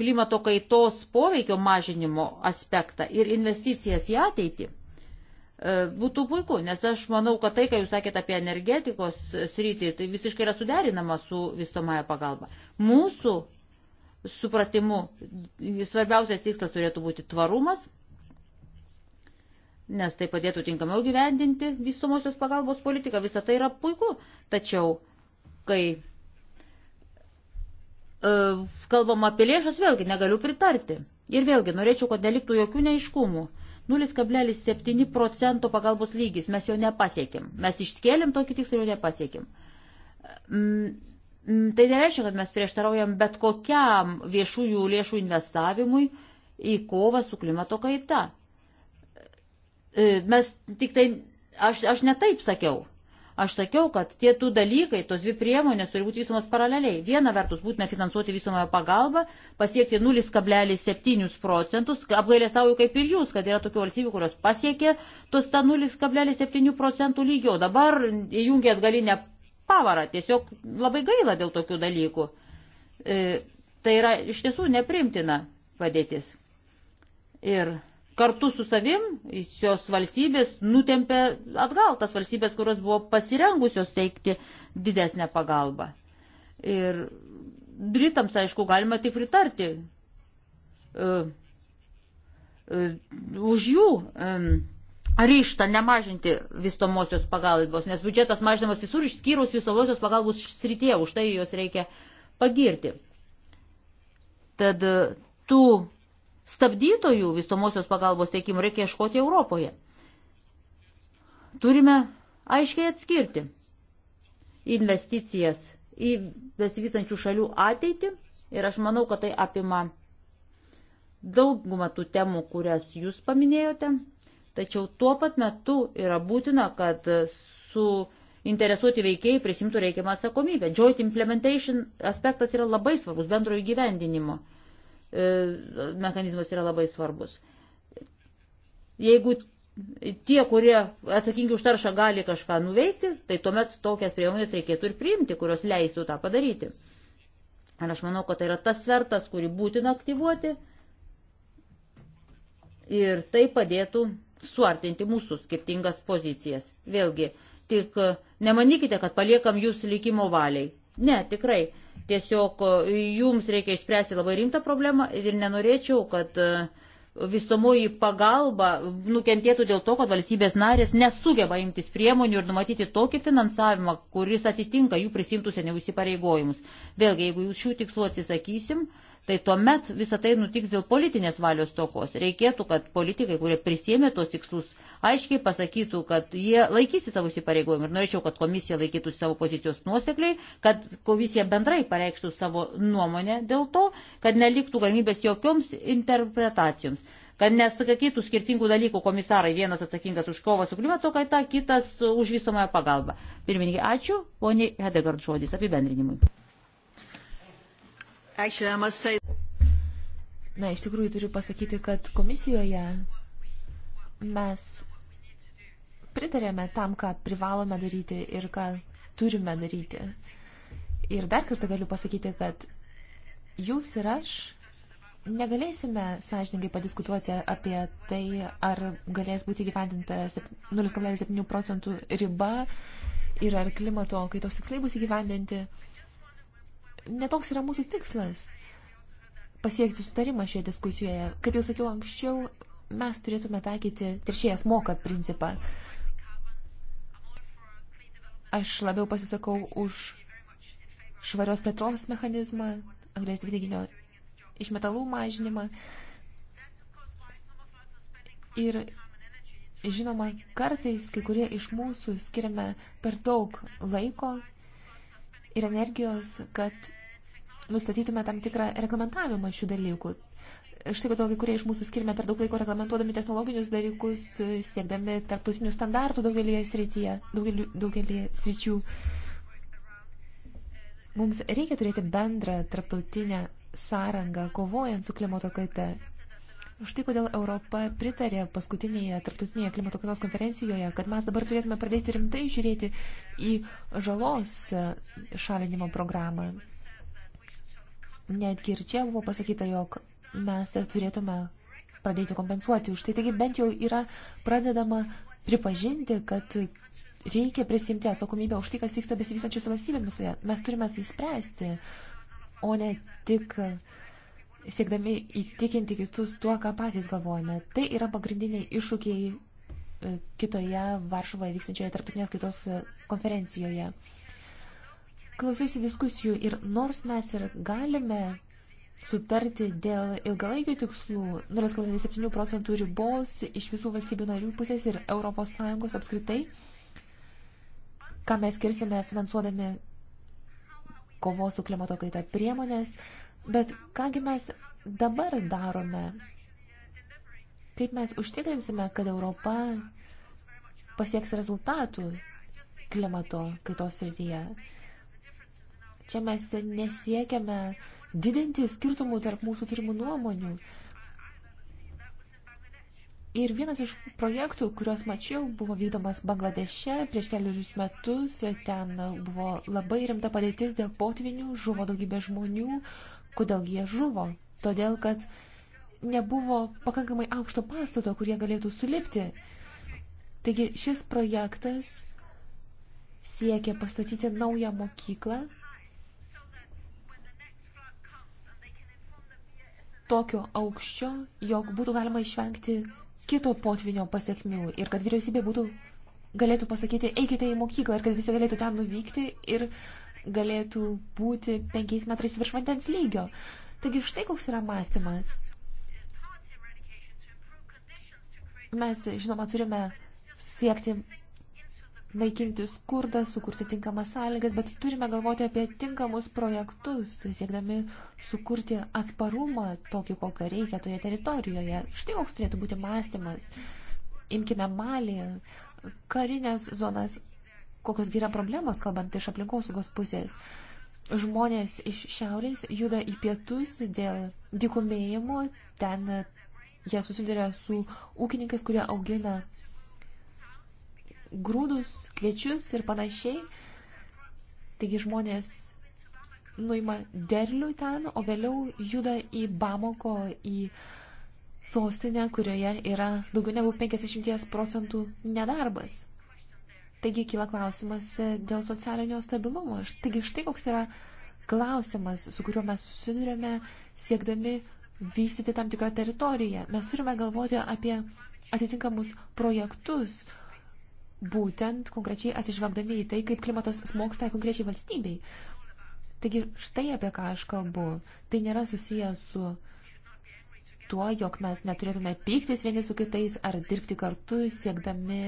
klimato kaitos poveikio mažinimo aspektą ir investicijas į ateitį, e, būtų puiku, nes aš manau, kad tai, ką jūs sakėte apie energetikos sritį, tai visiškai yra suderinama su vystomąją pagalbą. Mūsų supratimu svarbiausias tikslas turėtų būti tvarumas nes tai padėtų tinkamiau gyvendinti vystomosios pagalbos politiką. Visą tai yra puiku. Tačiau, kai e, kalbam apie lėšas, vėlgi negaliu pritarti. Ir vėlgi norėčiau, kad neliktų jokių neiškumų. 0,7 procento pagalbos lygis mes jo nepasiekėm. Mes išskėlėm tokį tikslą ir jo nepasiekėm. Mm, mm, tai nereiškia, kad mes prieštaraujam bet kokiam viešųjų lėšų investavimui į kovą su klimato kaita. E, mes tik tai, aš, aš netaip sakiau. Aš sakiau, kad tie du dalykai, tos dvi priemonės turi būti vystomos paraleliai. Viena vertus būtina finansuoti vystomąją pagalbą, pasiekti 0,7 procentus. Apgailę savo kaip ir jūs, kad yra tokių valstybių, kurios pasiekė tos tą 0,7 procentų lygio. Dabar įjungia atgalinę pavarą. Tiesiog labai gaila dėl tokių dalykų. E, tai yra iš tiesų neprimtina padėtis. Ir kartu su savim šios valstybės nutempė atgal tas valstybės, kurios buvo pasirengusios teikti didesnę pagalbą. Ir Britams, aišku, galima tik pritarti uh, uh, už jų um, ryštą nemažinti vystomosios pagalbos, nes biudžetas mažinamas visur išskyrus vystomosios pagalbos srityje, už tai juos reikia pagirti. Tad tų stabdytojų vystomosios pagalbos teikimų reikia ieškoti Europoje. Turime aiškiai atskirti investicijas į besivystančių šalių ateitį ir aš manau, kad tai apima daugumą tų temų, kurias jūs paminėjote, tačiau tuo pat metu yra būtina, kad su interesuoti veikėjai prisimtų reikiamą atsakomybę. Joint implementation aspektas yra labai svarbus bendrojo gyvendinimo. E, mechanizmas yra labai svarbus. Jeigu tie, kurie atsakingi už taršą gali kažką nuveikti, tai tuomet tokias priemonės reikėtų ir priimti, kurios leistų tą padaryti. Ir aš manau, kad tai yra tas svertas, kurį būtina aktyvuoti ir tai padėtų suartinti mūsų skirtingas pozicijas. Vėlgi, tik nemanykite, kad paliekam jūs likimo valiai. Ne, tikrai Tiesiog e, jums reikia išspręsti labai rimtą problemą ir nenorėčiau, kad e, visomoji pagalba nukentėtų dėl to, kad valstybės narės nesugeba imtis priemonių ir numatyti tokį finansavimą, kuris atitinka jų prisimtų seniau įsipareigojimus. Vėlgi, jeigu jūs šių tikslų atsisakysim, tai tuomet visą tai nutiks dėl politinės valios tokos. Reikėtų, kad politikai, kurie prisėmė tos tikslus, aiškiai pasakytų, kad jie laikysi savo įsipareigojimų. Ir norėčiau, kad komisija laikytųsi savo pozicijos nuosekliai, kad komisija bendrai pareikštų savo nuomonę dėl to, kad neliktų galimybės jokioms interpretacijoms kad nesakytų skirtingų dalykų komisarai, vienas atsakingas už kovą su klimato kaita, kitas už visomąją pagalbą. Pirmininkai, ačiū, poniai Hedegard žodis apibendrinimui. Actually, I must say. Na, iš tikrųjų turiu pasakyti, kad komisijoje mes pritarėme tam, ką privalome daryti ir ką turime daryti. Ir dar kartą galiu pasakyti, kad jūs ir aš negalėsime sąžininkai padiskutuoti apie tai, ar galės būti gyvendinta 0,7 procentų riba ir ar klimato kaitos tikslai bus įgyvendinti netoks yra mūsų tikslas pasiekti sutarimą šioje diskusijoje. Kaip jau sakiau anksčiau, mes turėtume taikyti teršėjas moka principą. Aš labiau pasisakau už švarios plėtros mechanizmą, anglės dvideginio išmetalų mažinimą. Ir žinoma, kartais kai kurie iš mūsų skiriame per daug laiko ir energijos, kad nustatytume tam tikrą reglamentavimą šių dalykų. Štai kodėl kai kurie iš mūsų skirime per daug laiko reglamentuodami technologinius dalykus, siekdami tarptautinių standartų daugelį srityje, daugelį, daugelį sričių. Mums reikia turėti bendrą tarptautinę sąrangą, kovojant su klimato kaita. Štai kodėl Europa pritarė paskutinėje tarptautinėje klimato kaitos konferencijoje, kad mes dabar turėtume pradėti rimtai žiūrėti į žalos šalinimo programą netgi ir čia buvo pasakyta, jog mes turėtume pradėti kompensuoti už tai. Taigi bent jau yra pradedama pripažinti, kad reikia prisimti atsakomybę už tai, kas vyksta besivystančiose valstybėse. Mes turime tai spręsti, o ne tik siekdami įtikinti kitus tuo, ką patys galvojame. Tai yra pagrindiniai iššūkiai e, kitoje Varšuvoje vykstančioje tarptautinės kaitos e, konferencijoje. Klausiausi diskusijų ir nors mes ir galime sutarti dėl ilgalaikių tikslų 0,7 procentų ribos iš visų valstybių narių pusės ir ES apskritai, ką mes skirsime finansuodami kovos su klimato kaita priemonės, bet kągi mes dabar darome, kaip mes užtikrinsime, kad Europa pasieks rezultatų klimato kaitos srityje. Čia mes nesiekiame didinti skirtumų tarp mūsų turimų nuomonių. Ir vienas iš projektų, kuriuos mačiau, buvo vykdomas Bangladeše prieš keliarius metus. Ten buvo labai rimta padėtis dėl potvinių, žuvo daugybė žmonių. Kodėl jie žuvo? Todėl, kad nebuvo pakankamai aukšto pastato, kur jie galėtų sulipti. Taigi šis projektas siekia pastatyti naują mokyklą tokio aukščio, jog būtų galima išvengti kito potvinio pasiekmių ir kad vyriausybė būtų, galėtų pasakyti, eikite į mokyklą ir kad visi galėtų ten nuvykti ir galėtų būti penkiais metrais virš vandens lygio. Taigi štai koks yra mąstymas. Mes, žinoma, turime siekti naikinti skurdą, sukurti tinkamas sąlygas, bet turime galvoti apie tinkamus projektus, siekdami sukurti atsparumą tokį, kokio reikia toje teritorijoje. Štai koks turėtų būti mąstymas. Imkime malį, karinės zonas, kokios yra problemos, kalbant iš aplinkosaugos pusės. Žmonės iš šiaurės juda į pietus dėl dikumėjimo, ten jie susiduria su ūkininkais, kurie augina grūdus, kviečius ir panašiai. Taigi žmonės nuima derlių ten, o vėliau juda į Bamako, į sostinę, kurioje yra daugiau negu 50 procentų nedarbas. Taigi kyla klausimas dėl socialinio stabilumo. Taigi štai koks yra klausimas, su kuriuo mes susidurėme siekdami vystyti tam tikrą teritoriją. Mes turime galvoti apie atitinkamus projektus, būtent konkrečiai atsižvelgdami į tai, kaip klimatas smoksta konkrečiai valstybei. Taigi štai apie ką aš kalbu. Tai nėra susiję su tuo, jog mes neturėtume pyktis vieni su kitais ar dirbti kartu, siekdami,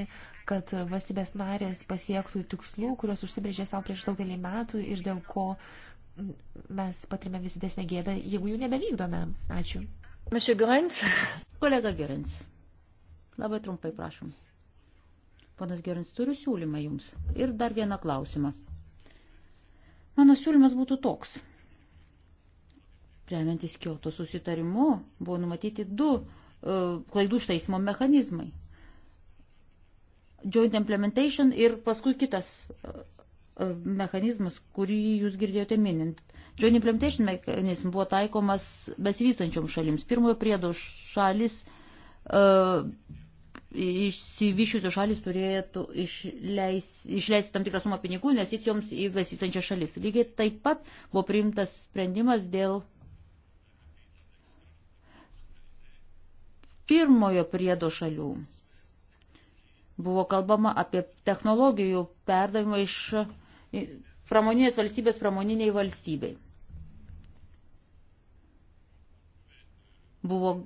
kad valstybės narės pasiektų tikslų, kuriuos užsibrėžė savo prieš daugelį metų ir dėl ko mes patirime vis didesnę gėdą, jeigu jų nebevykdome. Ačiū. Monsieur Görens. Kolega Görens. Labai trumpai prašom. Panas Gerins, turiu siūlymą jums. Ir dar vieną klausimą. Mano siūlymas būtų toks. Remiantis Kioto susitarimu buvo numatyti du uh, klaidų ištaisymo mechanizmai. Joint implementation ir paskui kitas uh, mechanizmas, kurį jūs girdėjote minint. Joint implementation mechanizm buvo taikomas besivystančiom šalims. Pirmojo priedo šalis uh, išsivyščiusios šalis turėtų išleis, išleisti tam tikrą sumą pinigų investicijoms į besistančią šalis. Lygiai taip pat buvo priimtas sprendimas dėl pirmojo priedo šalių. Buvo kalbama apie technologijų perdavimą iš pramoninės valstybės pramoniniai valstybei. Buvo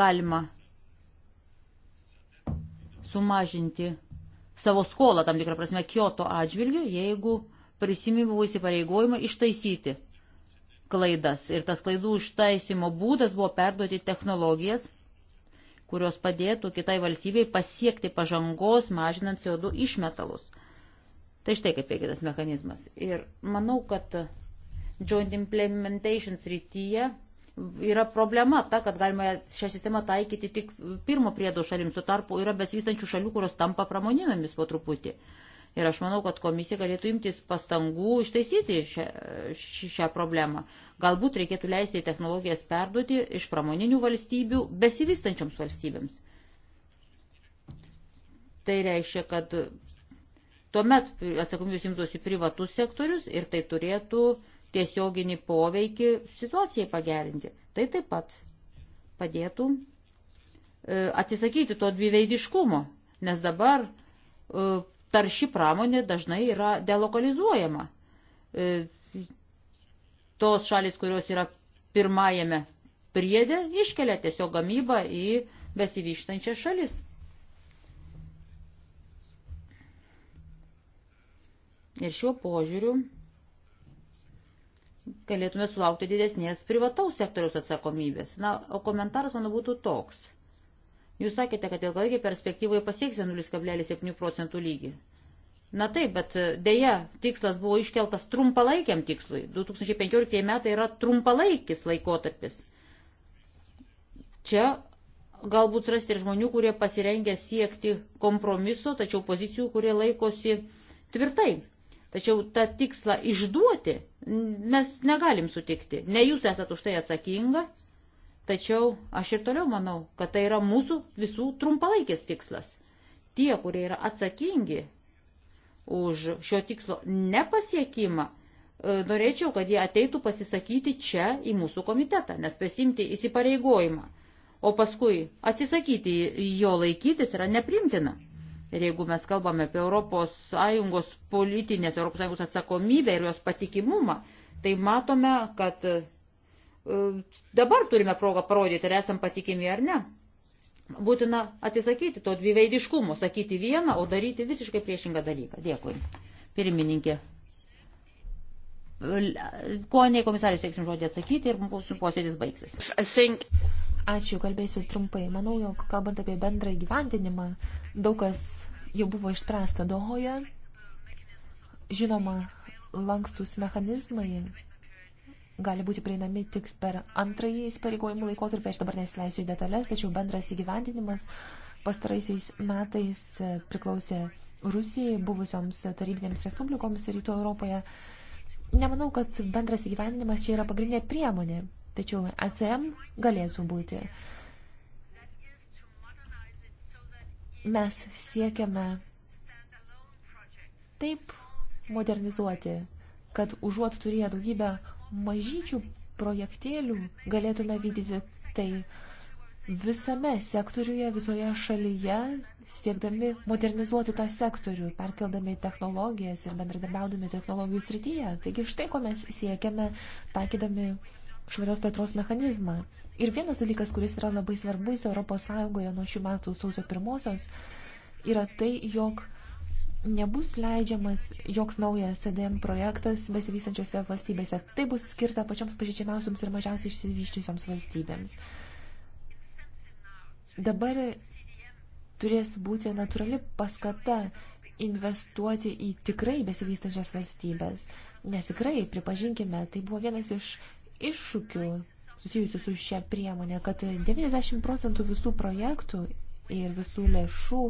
galima sumažinti savo skolą tam tikrą prasme Kyoto atžvilgiu, jeigu prisimim buvo įsipareigojimą ištaisyti klaidas. Ir tas klaidų ištaisimo būdas buvo perduoti technologijas, kurios padėtų kitai valstybei pasiekti pažangos, mažinant CO2 išmetalus. Tai štai kaip veikia tas mechanizmas. Ir manau, kad joint implementation srityje yra problema ta, kad galima šią sistemą taikyti tik pirmo priedo šalims, tuo tarpu yra besivystančių šalių, kurios tampa pramoninėmis po truputį. Ir aš manau, kad komisija galėtų imtis pastangų ištaisyti šią, šią problemą. Galbūt reikėtų leisti technologijas perduoti iš pramoninių valstybių besivystančioms valstybėms. Tai reiškia, kad tuomet atsakomybės imtųsi privatus sektorius ir tai turėtų uh, tiesioginį poveikį situacijai pagerinti. Tai taip pat padėtų e, atsisakyti to dviveidiškumo, nes dabar e, tarši pramonė dažnai yra delokalizuojama. E, tos šalis, kurios yra pirmajame priedė, iškelia tiesiog gamybą į besivyštančią šalis. Ir šiuo požiūriu galėtume sulaukti didesnės privataus sektoriaus atsakomybės. Na, o komentaras mano būtų toks. Jūs sakėte, kad ilgalaikiai perspektyvoje pasieksime 0,7 procentų lygį. Na taip, bet e, dėja, tikslas buvo iškeltas trumpalaikiam tikslui. 2015 metai yra trumpalaikis laikotarpis. Čia galbūt rasti ir žmonių, kurie pasirengia siekti kompromiso, tačiau pozicijų, kurie laikosi tvirtai. Tačiau tą tikslą išduoti mes negalim sutikti. Ne jūs esate už tai atsakinga, tačiau aš ir toliau manau, kad tai yra mūsų visų trumpalaikis tikslas. Tie, kurie yra atsakingi už šio tikslo nepasiekimą, e, norėčiau, kad jie ateitų pasisakyti čia į mūsų komitetą, nes prisimti įsipareigojimą, o paskui atsisakyti jo laikytis yra neprimtina. Ir jeigu mes kalbame apie ES politinės, ES atsakomybę ir jos patikimumą, tai matome, kad e, dabar turime progą parodyti, ar esam patikimi ar ne. Būtina atsisakyti to dviveidiškumo, sakyti vieną, o daryti visiškai priešingą dalyką. Dėkui. Pirmininkė. Ko nei komisarius teiksim žodį atsakyti ir mūsų posėdis baigsis. Ačiū, kalbėsiu trumpai. Manau, jog kalbant apie bendrą gyvendinimą, Daug kas jau buvo išspręsta Dohoje. Žinoma, lankstus mechanizmai gali būti prieinami tik per antrąjį įsipareigojimų laikotarpį. Aš dabar nesileisiu į detalės, tačiau bendras įgyvendinimas pastaraisiais metais priklausė Rusijai, buvusioms tarybinėms respublikoms rytų Europoje. Nemanau, kad bendras įgyvendinimas čia yra pagrindinė priemonė, tačiau ECM galėtų būti. Uh, Mes siekiame taip modernizuoti, kad užuot turėję daugybę mažyčių projektėlių, galėtume vykdyti tai visame sektoriuje, visoje šalyje, siekdami modernizuoti tą sektorių, perkeldami technologijas ir bendradarbiaudami technologijų srityje. Taigi štai ko mes siekiame, taikydami švarios plėtros mechanizmą. Ir vienas dalykas, kuris yra labai svarbus ES nuo šių metų sausio pirmosios, yra tai, jog nebus leidžiamas joks naujas CDM projektas besivystančiose valstybėse. Tai bus skirta pačioms pažydžiamiausiams ir mažiausiai išsivyščiusioms valstybėms. Dabar turės būti natūrali paskata investuoti į tikrai besivystančias valstybės. Nes tikrai, pripažinkime, tai buvo vienas iš iššūkių susijusių su šia priemonė, kad 90 procentų visų projektų ir visų lėšų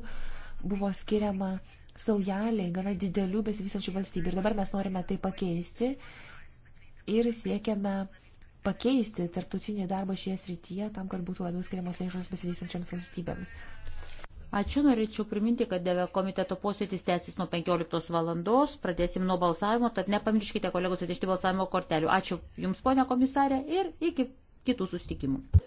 buvo skiriama saujeliai gana didelių besivysančių valstybių. Ir dabar mes norime tai pakeisti ir siekiame pakeisti tarptautinį darbą šioje srityje tam, kad būtų labiau skiriamos lėšos besivysančiams valstybėms. Ačiū, norėčiau priminti, kad DV komiteto posėdis tęsis nuo 15 valandos, pradėsim nuo balsavimo, tad nepamirškite kolegos atėžti balsavimo kortelių. Ačiū Jums, ponia komisarė, ir iki kitų sustikimų.